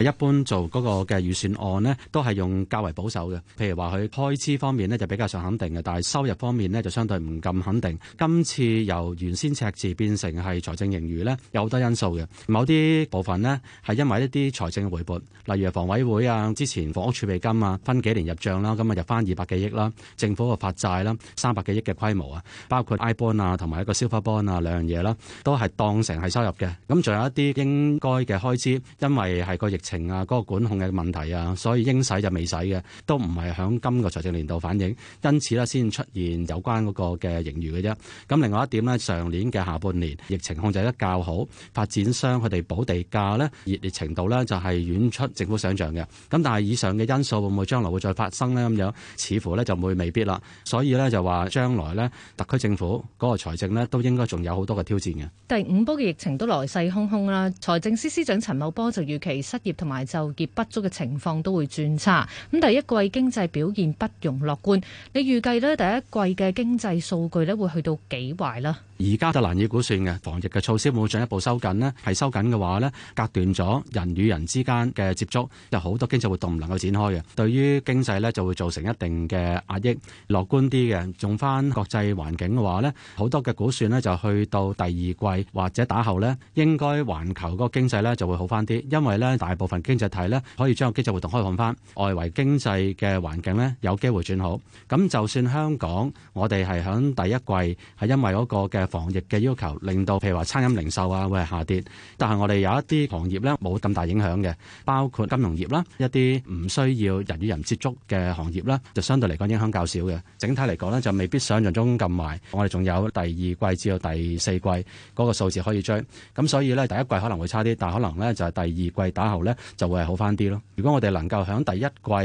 一般做嗰個嘅預算案咧，都係用較為保守嘅。譬如話佢開支方面咧就比較上肯定嘅，但係收入方面咧就相對唔咁肯定。今次由原先赤字變成係財政盈餘咧，有好多因素嘅。某啲部分咧係因為一啲財政回撥，例如房委會啊、之前房屋儲備金啊分幾年入賬啦，咁啊就翻二百幾億啦。政府個發債啦，三百幾億嘅規模啊，包括 iBond 啊同埋一個 Silver Bond 啊兩樣嘢啦，都係當成係收入嘅。咁仲有一啲應該嘅開支，因為係個疫情啊，嗰個管控嘅問題啊，所以應使就未使嘅，都唔係響今個財政年度反映，因此咧先出現有關嗰個嘅盈餘嘅啫，咁另外一點咧，上年嘅下半年疫情控制得較好，發展商佢哋補地價咧熱烈程度咧就係遠出政府想象嘅。咁但係以上嘅因素會唔會將來會再發生咧？咁樣似乎咧就唔會未必啦。所以咧就話將來咧特區政府嗰個財政咧都應該仲有好多嘅挑戰嘅。第五波嘅疫情都來勢洶洶啦。財政司司長陳茂波就預期失業。同埋就業不足嘅情況都會轉差。咁第一季經濟表現不容樂觀。你預計呢第一季嘅經濟數據呢會去到幾壞呢？而家就難以估算嘅防疫嘅措施會唔會進一步收緊咧？係收緊嘅話咧，隔斷咗人與人之間嘅接觸，就好多經濟活動唔能夠展開嘅，對於經濟咧就會造成一定嘅壓抑。樂觀啲嘅，用翻國際環境嘅話咧，好多嘅估算咧就去到第二季或者打後咧，應該環球個經濟咧就會好翻啲，因為咧大部分經濟體咧可以將個經濟活動開放翻，外圍經濟嘅環境咧有機會轉好。咁就算香港，我哋係響第一季係因為嗰個嘅。防疫嘅要求，令到譬如話餐飲零售啊會係下跌。但係我哋有一啲行業咧冇咁大影響嘅，包括金融業啦，一啲唔需要人與人接觸嘅行業啦，就相對嚟講影響較少嘅。整體嚟講咧，就未必想象中咁壞，我哋仲有第二季至到第四季嗰個數字可以追。咁所以咧，第一季可能會差啲，但可能咧就係第二季打後咧就會係好翻啲咯。如果我哋能夠喺第一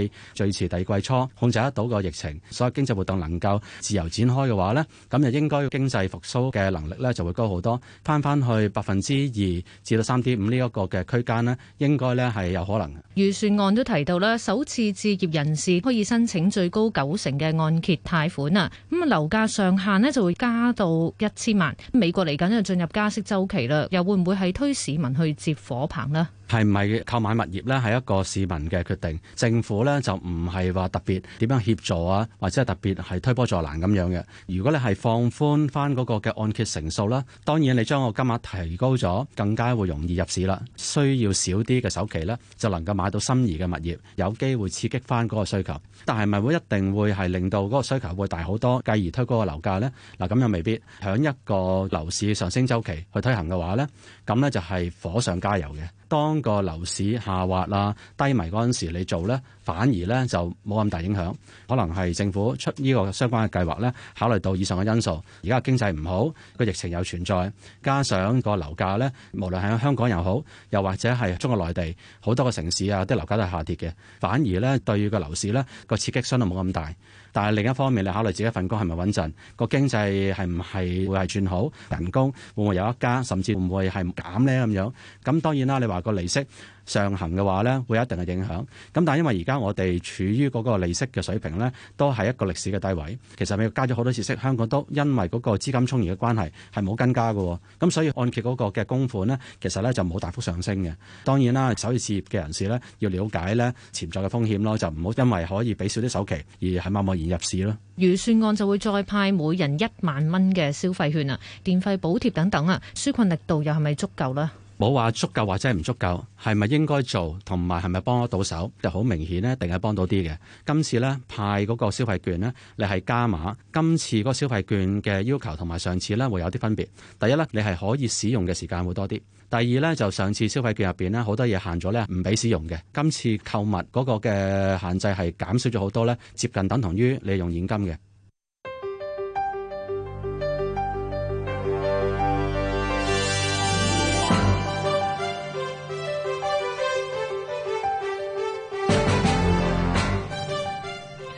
季，最遲第二季初控制得到個疫情，所有經濟活動能夠自由展開嘅話咧，咁就應該經濟復甦嘅能力呢就會高好多，翻翻去百分之二至到三點五呢一個嘅區間呢，應該呢係有可能。預算案都提到啦，首次置業人士可以申請最高九成嘅按揭貸款啊，咁樓價上限呢就會加到一千萬。美國嚟緊就進入加息週期啦，又會唔會係推市民去接火棒呢？係唔係購買物業呢？係一個市民嘅決定，政府呢，就唔係話特別點樣協助啊，或者係特別係推波助瀾咁樣嘅。如果你係放寬翻嗰個嘅按揭成數啦，當然你將個金額提高咗，更加會容易入市啦。需要少啲嘅首期呢，就能夠買到心儀嘅物業，有機會刺激翻嗰個需求。但係咪會一定會係令到嗰個需求會大好多，繼而推高個樓價呢？嗱，咁又未必喺一個樓市上升週期去推行嘅話呢。咁呢就係火上加油嘅。當個樓市下滑啦、低迷嗰陣時，你做呢反而呢就冇咁大影響。可能係政府出呢個相關嘅計劃呢，考慮到以上嘅因素。而家經濟唔好，個疫情又存在，加上個樓價呢，無論係香港又好，又或者係中國內地好多個城市啊，啲樓價都係下跌嘅。反而呢，對個樓市呢個刺激相對冇咁大。但係另一方面，你考慮自己份工係咪穩陣？個經濟係唔係會係轉好？人工會唔會有一加，甚至會唔會係減咧咁樣？咁當然啦，你話個利息。上行嘅話呢，會有一定嘅影響。咁但係因為而家我哋處於嗰個利息嘅水平呢，都係一個歷史嘅低位。其實你要加咗好多次息，香港都因為嗰個資金充裕嘅關係，係冇跟加嘅。咁所以按揭嗰個嘅供款呢，其實呢就冇大幅上升嘅。當然啦，首次置業嘅人士呢，要了解呢潛在嘅風險咯，就唔好因為可以俾少啲首期而喺貿貿然入市咯。預算案就會再派每人一萬蚊嘅消費券啊，電費補貼等等啊，紓困力度又係咪足夠呢？冇話足夠或者係唔足夠，係咪應該做同埋係咪幫得到手就好明顯咧，定係幫到啲嘅。今次咧，派嗰個消費券咧，你係加碼，今次嗰個消費券嘅要求同埋上次咧會有啲分別。第一咧，你係可以使用嘅時間會多啲。第二咧，就上次消費券入邊咧好多嘢限咗咧唔俾使用嘅。今次購物嗰個嘅限制係減少咗好多咧，接近等同於你用現金嘅。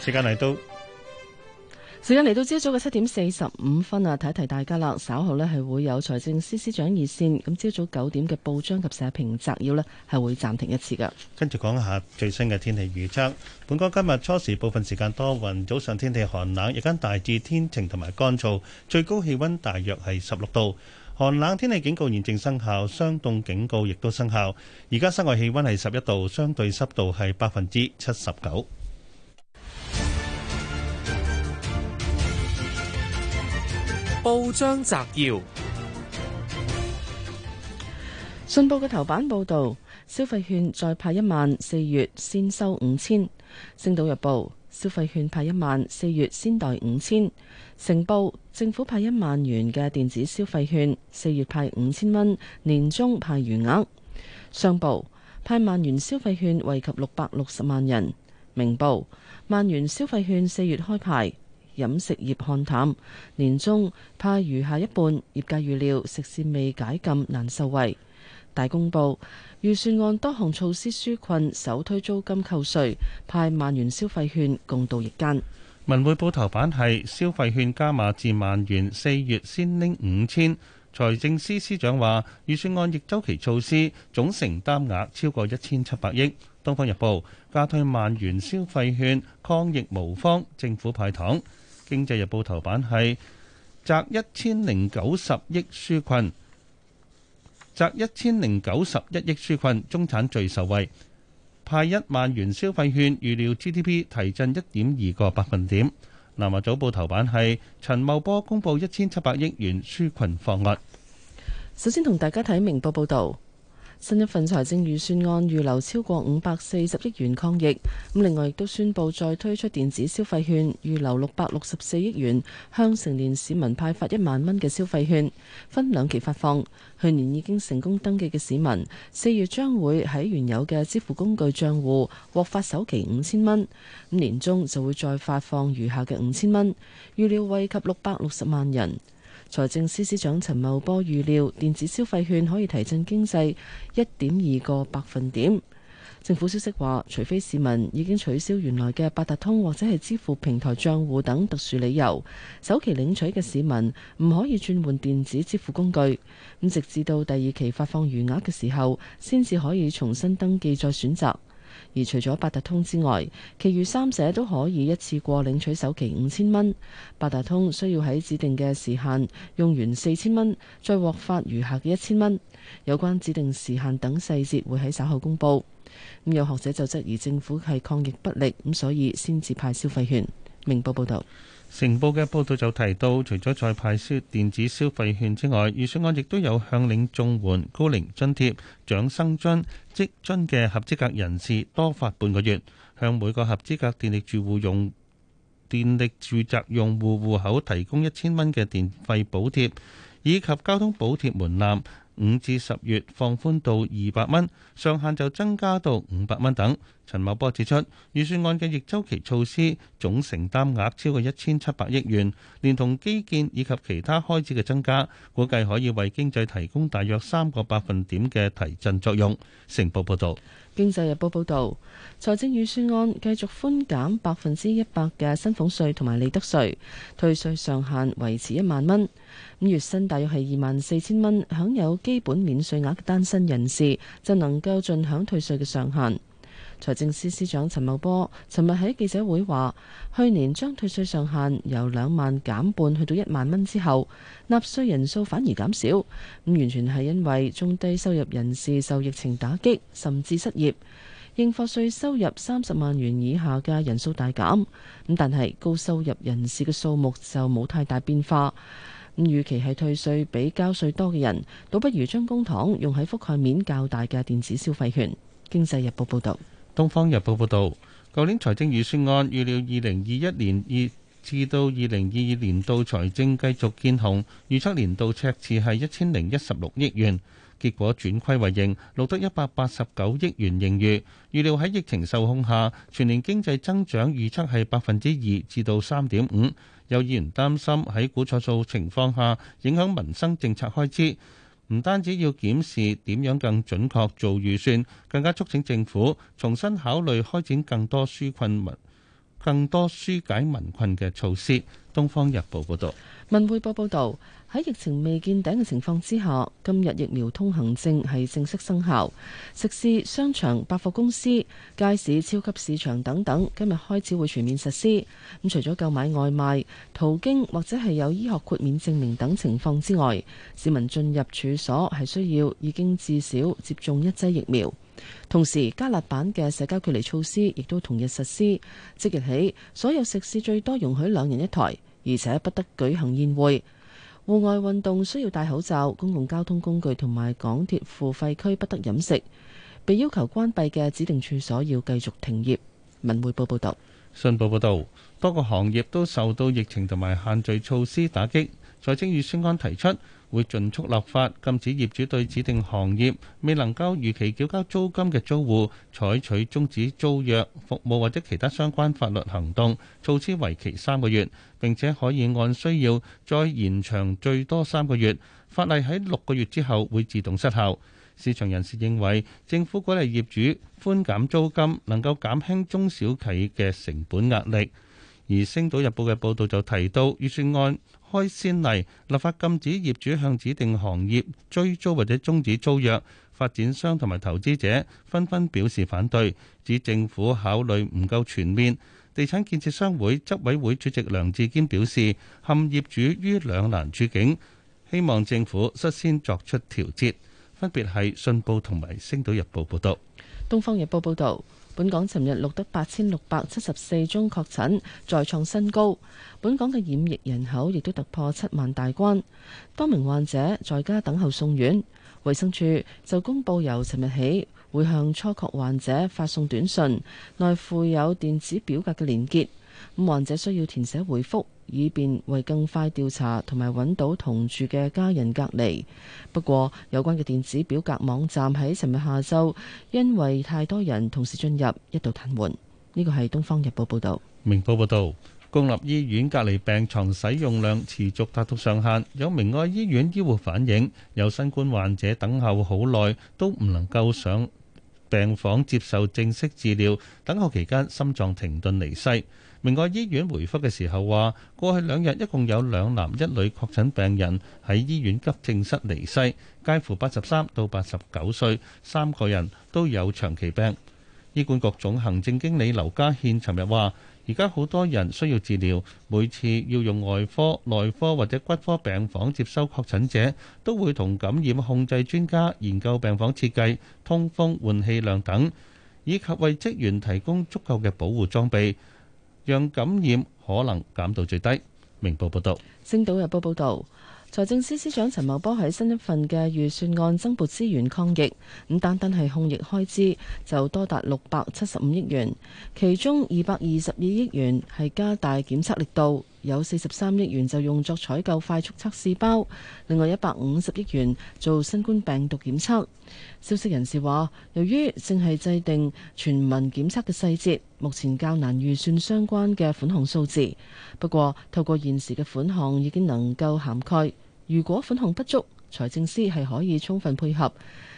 時間嚟到，時間嚟到，朝早嘅七點四十五分啊！提一提大家啦，稍後呢係會有財政司司長熱線。咁朝早九點嘅報章及社評摘要呢係會暫停一次噶。跟住講下最新嘅天氣預測。本港今日初時部分時間多雲，早上天氣寒冷，日間大致天晴同埋乾燥，最高氣溫大約係十六度。寒冷天氣警告現正生效，霜凍警告亦都生效。而家室外氣溫係十一度，相對濕度係百分之七十九。報章摘要：《信報》嘅頭版報道，消費券再派一萬，四月先收五千；《星島日報》消費券派一萬，四月先袋五千；《成報》政府派一萬元嘅電子消費券，四月派五千蚊，年中派餘額；《商報》派萬元消費券惠及六百六十萬人；《明報》萬元消費券四月開牌。飲食業看淡，年終派餘下一半。業界預料食肆未解禁難受惠。大公報預算案多項措施紓困，首推租金扣稅派萬元消費券，共度疫間。文匯報頭版係消費券加碼至萬元，四月先拎五千。財政司司長話預算案逆周期措施總承擔額超過一千七百億。東方日報加推萬元消費券抗疫無方，政府派糖。《經濟日報》頭版係砸一千零九十億輸困，砸一千零九十一億輸困，中產最受惠，派一萬元消費券，預料 GDP 提振一點二個百分點。《南華早報》頭版係陳茂波公布一千七百億元輸困方案。首先同大家睇明報報道。新一份財政預算案預留超過五百四十億元抗疫，咁另外亦都宣布再推出電子消費券，預留六百六十四億元，向成年市民派發一萬蚊嘅消費券，分兩期發放。去年已經成功登記嘅市民，四月將會喺原有嘅支付工具帳戶獲發首期五千蚊，咁年中就會再發放餘下嘅五千蚊，預料惠及六百六十萬人。財政司司長陳茂波預料，電子消費券可以提振經濟一點二個百分點。政府消息話，除非市民已經取消原來嘅八達通或者係支付平台賬戶等特殊理由，首期領取嘅市民唔可以轉換電子支付工具，咁直至到第二期發放餘額嘅時候，先至可以重新登記再選擇。而除咗八達通之外，其餘三者都可以一次過領取首期五千蚊。八達通需要喺指定嘅時限用完四千蚊，再獲發餘下嘅一千蚊。有關指定時限等細節會喺稍後公布。咁有學者就質疑政府係抗疫不力，咁所以先至派消費券。明報報道。成報嘅報道就提到，除咗再派消電子消費券之外，預算案亦都有向領綜援、高齡津貼、長生津、積津嘅合資格人士多發半個月，向每個合資格電力住戶用電力住宅用戶戶口提供一千蚊嘅電費補貼，以及交通補貼門檻五至十月放寬到二百蚊，上限就增加到五百蚊等。陳茂波指出，預算案嘅逆周期措施總承擔額超過一千七百億元，連同基建以及其他開支嘅增加，估計可以為經濟提供大約三個百分點嘅提振作用。成報報導。《經濟日報》報道，財政預算案繼續寬減百分之一百嘅薪俸稅同埋利得稅，退稅上限維持一萬蚊。五月薪大約係二萬四千蚊，享有基本免稅額嘅單身人士就能夠盡享退稅嘅上限。財政司司長陳茂波尋日喺記者會話：去年將退稅上限由兩萬減半去到一萬蚊之後，納稅人數反而減少，咁完全係因為中低收入人士受疫情打擊，甚至失業，應課稅收入三十萬元以下嘅人數大減。咁但係高收入人士嘅數目就冇太大變化。咁預期係退稅比交稅多嘅人，倒不如將公帑用喺覆蓋面較大嘅電子消費券。經濟日報報導。《東方日報》報導，舊年財政預算案預料二零二一年至到二零二二年度財政繼續見紅，預測年度赤字係一千零一十六億元，結果轉虧為盈，錄得一百八十九億元盈餘。預料喺疫情受控下，全年經濟增長預測係百分之二至到三點五。有議員擔心喺估錯數情況下，影響民生政策開支。唔單止要檢視點樣更準確做預算，更加促請政府重新考慮開展更多紓困民、更多紓解民困嘅措施。《東方日報》報道，《文匯報》報道。喺疫情未見頂嘅情況之下，今日疫苗通行證係正式生效。食肆、商場、百貨公司、街市、超級市場等等，今日開始會全面實施。咁除咗購買外賣途經或者係有醫學豁免證明等情況之外，市民進入處所係需要已經至少接種一劑疫苗。同時，加辣版嘅社交距離措施亦都同日實施。即日起，所有食肆最多容許兩人一台，而且不得舉行宴會。戶外運動需要戴口罩，公共交通工具同埋港鐵付費區不得飲食。被要求關閉嘅指定處所要繼續停業。文匯報報道：「信報報道，多個行業都受到疫情同埋限聚措施打擊。財政預算案提出，會盡速立法禁止業主對指定行業未能夠如期繳交租金嘅租戶採取終止租約服務或者其他相關法律行動，措施為期三個月，並且可以按需要再延長最多三個月。法例喺六個月之後會自動失效。市場人士認為政府鼓勵業主寬減租金，能夠減輕中小企嘅成本壓力。而《星島日報》嘅報導就提到，預算案。開先例，立法禁止業主向指定行業追租或者終止租約，發展商同埋投資者紛紛表示反對，指政府考慮唔夠全面。地產建設商會執委會主席梁志堅表示，陷業主於兩難處境，希望政府率先作出調節。分別係《信報》同埋《星島日報》報道。《東方日報》報道。本港尋日錄得八千六百七十四宗確診，再創新高。本港嘅染疫人口亦都突破七萬大關。多名患者在家等候送院。衛生署就公佈由尋日起，會向初確患者發送短信，內附有電子表格嘅連結。咁患者需要填寫回覆。以便為更快調查同埋揾到同住嘅家人隔離。不過，有關嘅電子表格網站喺尋日下晝因為太多人同時進入，一度癱瘓。呢個係《東方日報》報導，《明報》報導，公立醫院隔離病床使用量持續達到上限，有明愛醫院醫護反映，有新冠患者等候好耐都唔能夠上病房接受正式治療，等候期間心臟停頓離世。明愛醫院回覆嘅時候話：過去兩日一共有兩男一女確診病人喺醫院急症室離世，介乎八十三到八十九歲，三個人都有長期病。醫管局總行政經理劉家憲尋日話：而家好多人需要治療，每次要用外科、內科或者骨科病房接收確診者，都會同感染控制專家研究病房設計、通風換氣量等，以及為職員提供足夠嘅保護裝備。讓感染可能減到最低。明報報道，星島日報報道，財政司司長陳茂波喺新一份嘅預算案增撥資源抗疫，咁單單係控疫開支就多達六百七十五億元，其中二百二十二億元係加大檢測力度。有四十三億元就用作採購快速測試包，另外一百五十億元做新冠病毒檢測。消息人士話，由於正係制定全民檢測嘅細節，目前較難預算相關嘅款項數字。不過透過現時嘅款項已經能夠涵蓋，如果款項不足，財政司係可以充分配合。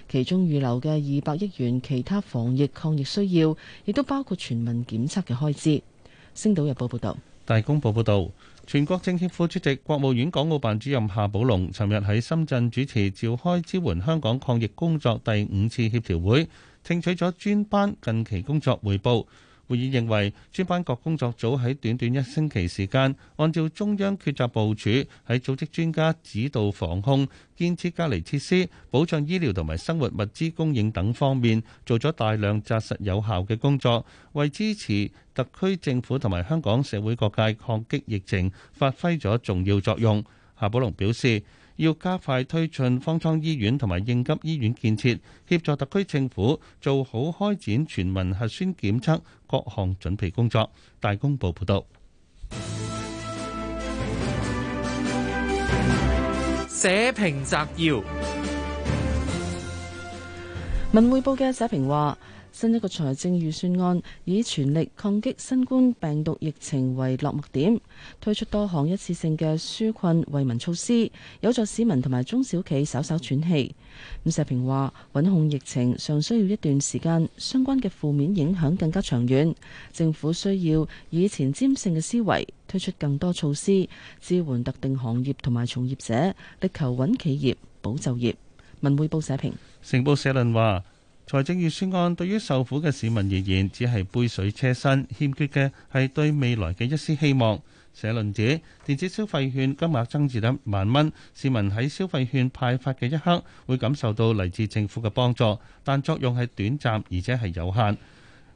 其中預留嘅二百億元，其他防疫抗疫需要，亦都包括全民檢測嘅開支。星島日報報道。大公報報導，全國政協副主席、國務院港澳辦主任夏寶龍尋日喺深圳主持召開支援香港抗疫工作第五次協調會，聽取咗專班近期工作彙報。會議認為，專班局工作組喺短短一星期時間，按照中央決策部署，喺組織專家指導防控、建設隔離設施、保障醫療同埋生活物資供應等方面，做咗大量紮實有效嘅工作，為支持特區政府同埋香港社會各界抗擊疫情，發揮咗重要作用。夏寶龍表示。要加快推進方艙醫院同埋應急醫院建設，協助特區政府做好開展全民核酸檢測各項準備工作。大公報報導。社評摘要：文匯報嘅社評話。新一個財政預算案以全力抗擊新冠病毒疫情為落墨點，推出多項一次性嘅紓困惠民措施，有助市民同埋中小企稍稍喘氣。咁社評話，穩控疫情尚需要一段時間，相關嘅負面影響更加長遠，政府需要以前瞻性嘅思維推出更多措施，支援特定行業同埋從業者，力求穩企業、保就業。文匯報社評，成報社論話。財政預算案對於受苦嘅市民而言，只係杯水車薪，欠缺嘅係對未來嘅一絲希望。社論指，電子消費券金額增至兩萬蚊，市民喺消費券派發嘅一刻會感受到嚟自政府嘅幫助，但作用係短暫，而且係有限。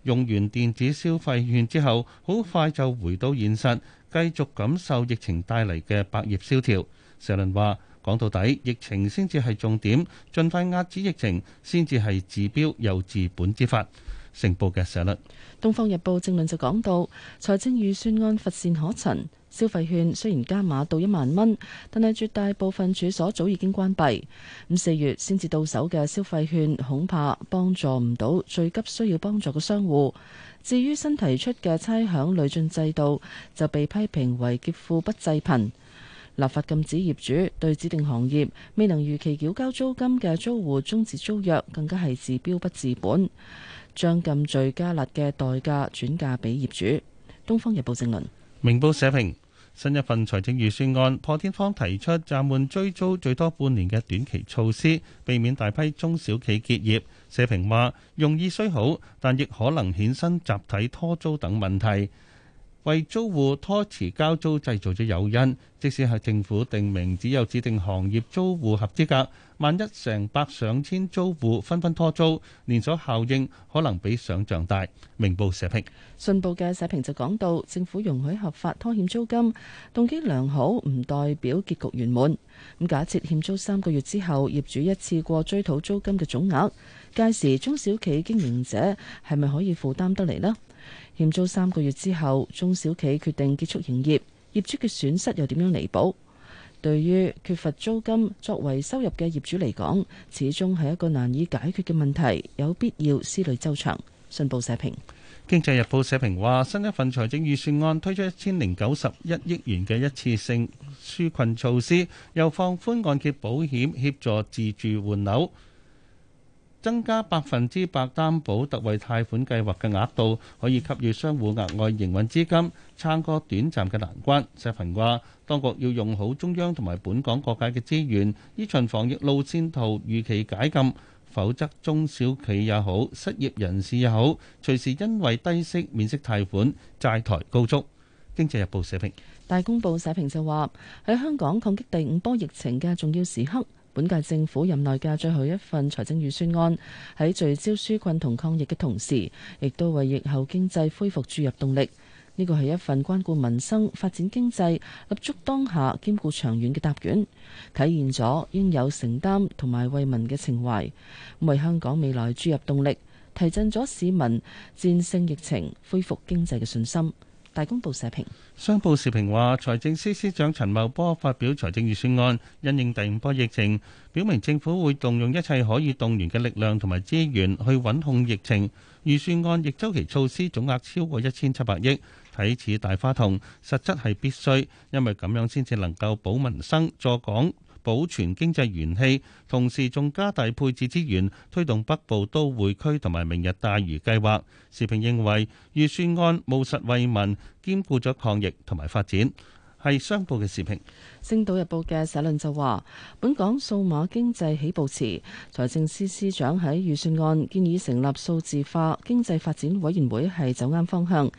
用完電子消費券之後，好快就回到現實，繼續感受疫情帶嚟嘅百業蕭條。社論話。講到底，疫情先至係重點，盡快遏止疫情先至係治標又治本之法。成報嘅社論，《東方日報》正論就講到，財政預算案乏善可陳，消費券雖然加碼到一萬蚊，但係絕大部分處所早已經關閉。咁四月先至到手嘅消費券，恐怕幫助唔到最急需要幫助嘅商戶。至於新提出嘅差餉累進制度，就被批評為劫富不濟貧。立法禁止業主對指定行業未能如期繳交租金嘅租戶終止租約，更加係治標不治本，將禁聚加辣嘅代價轉嫁俾業主。《東方日報》正論，《明報》社評：新一份財政預算案，破天荒提出暫緩追租最多半年嘅短期措施，避免大批中小企結業。社評話：用意雖好，但亦可能衍生集體拖租等問題。為租戶拖遲交租製造咗誘因，即使係政府定名，只有指定行業租戶合資格，萬一成百上千租戶紛紛紛拖租，連鎖效應可能比想象大。明報社評，信報嘅社評就講到，政府容許合法拖欠租金，動機良好唔代表結局圓滿。咁假設欠租三個月之後，業主一次過追討租金嘅總額，屆時中小企經營者係咪可以負擔得嚟呢？欠租三個月之後，中小企決定結束營業，業主嘅損失又點樣彌補？對於缺乏租金作為收入嘅業主嚟講，始終係一個難以解決嘅問題，有必要思慮周詳。信報社評，《經濟日報》社評話：新一份財政預算案推出一千零九十一億元嘅一次性紓困措施，又放寬按揭保險協助自住換樓。增加百分之百擔保特惠貸款計劃嘅額度，可以給予商戶額外營運資金，撐過短暫嘅難關。社評話當局要用好中央同埋本港各界嘅資源，依循防疫路綫圖預期解禁，否則中小企也好，失業人士也好，隨時因為低息免息貸款債台高築。經濟日報社評，大公報社評就話喺香港抗擊第五波疫情嘅重要時刻。本屆政府任內嘅最後一份財政預算案喺聚焦紓困同抗疫嘅同時，亦都為疫後經濟恢復注入動力。呢個係一份關顧民生、發展經濟、立足當下、兼顧長遠嘅答卷，體現咗應有承擔同埋為民嘅情懷，為香港未來注入動力，提振咗市民戰勝疫情、恢復經濟嘅信心。大公報社評，商報社評話，財政司司長陳茂波發表財政預算案，因應第五波疫情，表明政府會動用一切可以動員嘅力量同埋資源去穩控疫情。預算案逆周期措施總額超過一千七百億，睇似大花筒，實質係必須，因為咁樣先至能夠保民生、助港。保存經濟元氣，同時仲加大配置資源，推動北部都會區同埋明日大嶼計劃。時評認為預算案務實為民，兼顧咗抗疫同埋發展。係商報嘅時評，《星島日報》嘅社論就話：本港數碼經濟起步遲，財政司司長喺預算案建議成立數字化經濟發展委員會係走啱方向。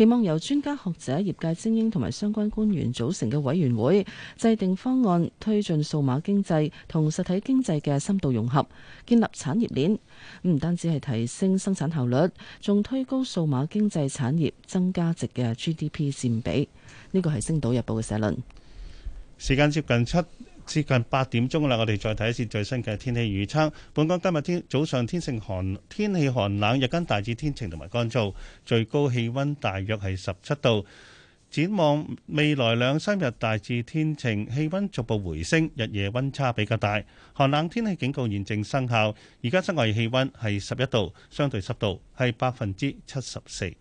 期望由專家學者、業界精英同埋相關官員組成嘅委員會，制定方案，推進數碼經濟同實體經濟嘅深度融合，建立產業鏈。唔單止係提升生產效率，仲推高數碼經濟產業增加值嘅 GDP 佔比。呢個係《星島日報》嘅社論。時間接近七。接近八點鐘啦，我哋再睇一次最新嘅天氣預測。本港今日天，天早上天晴寒，天氣寒冷，日間大致天晴同埋乾燥，最高氣溫大約係十七度。展望未來兩三日大致天晴，氣溫逐步回升，日夜溫差比較大。寒冷天氣警告現正生效。而家室外氣溫係十一度，相對濕度係百分之七十四。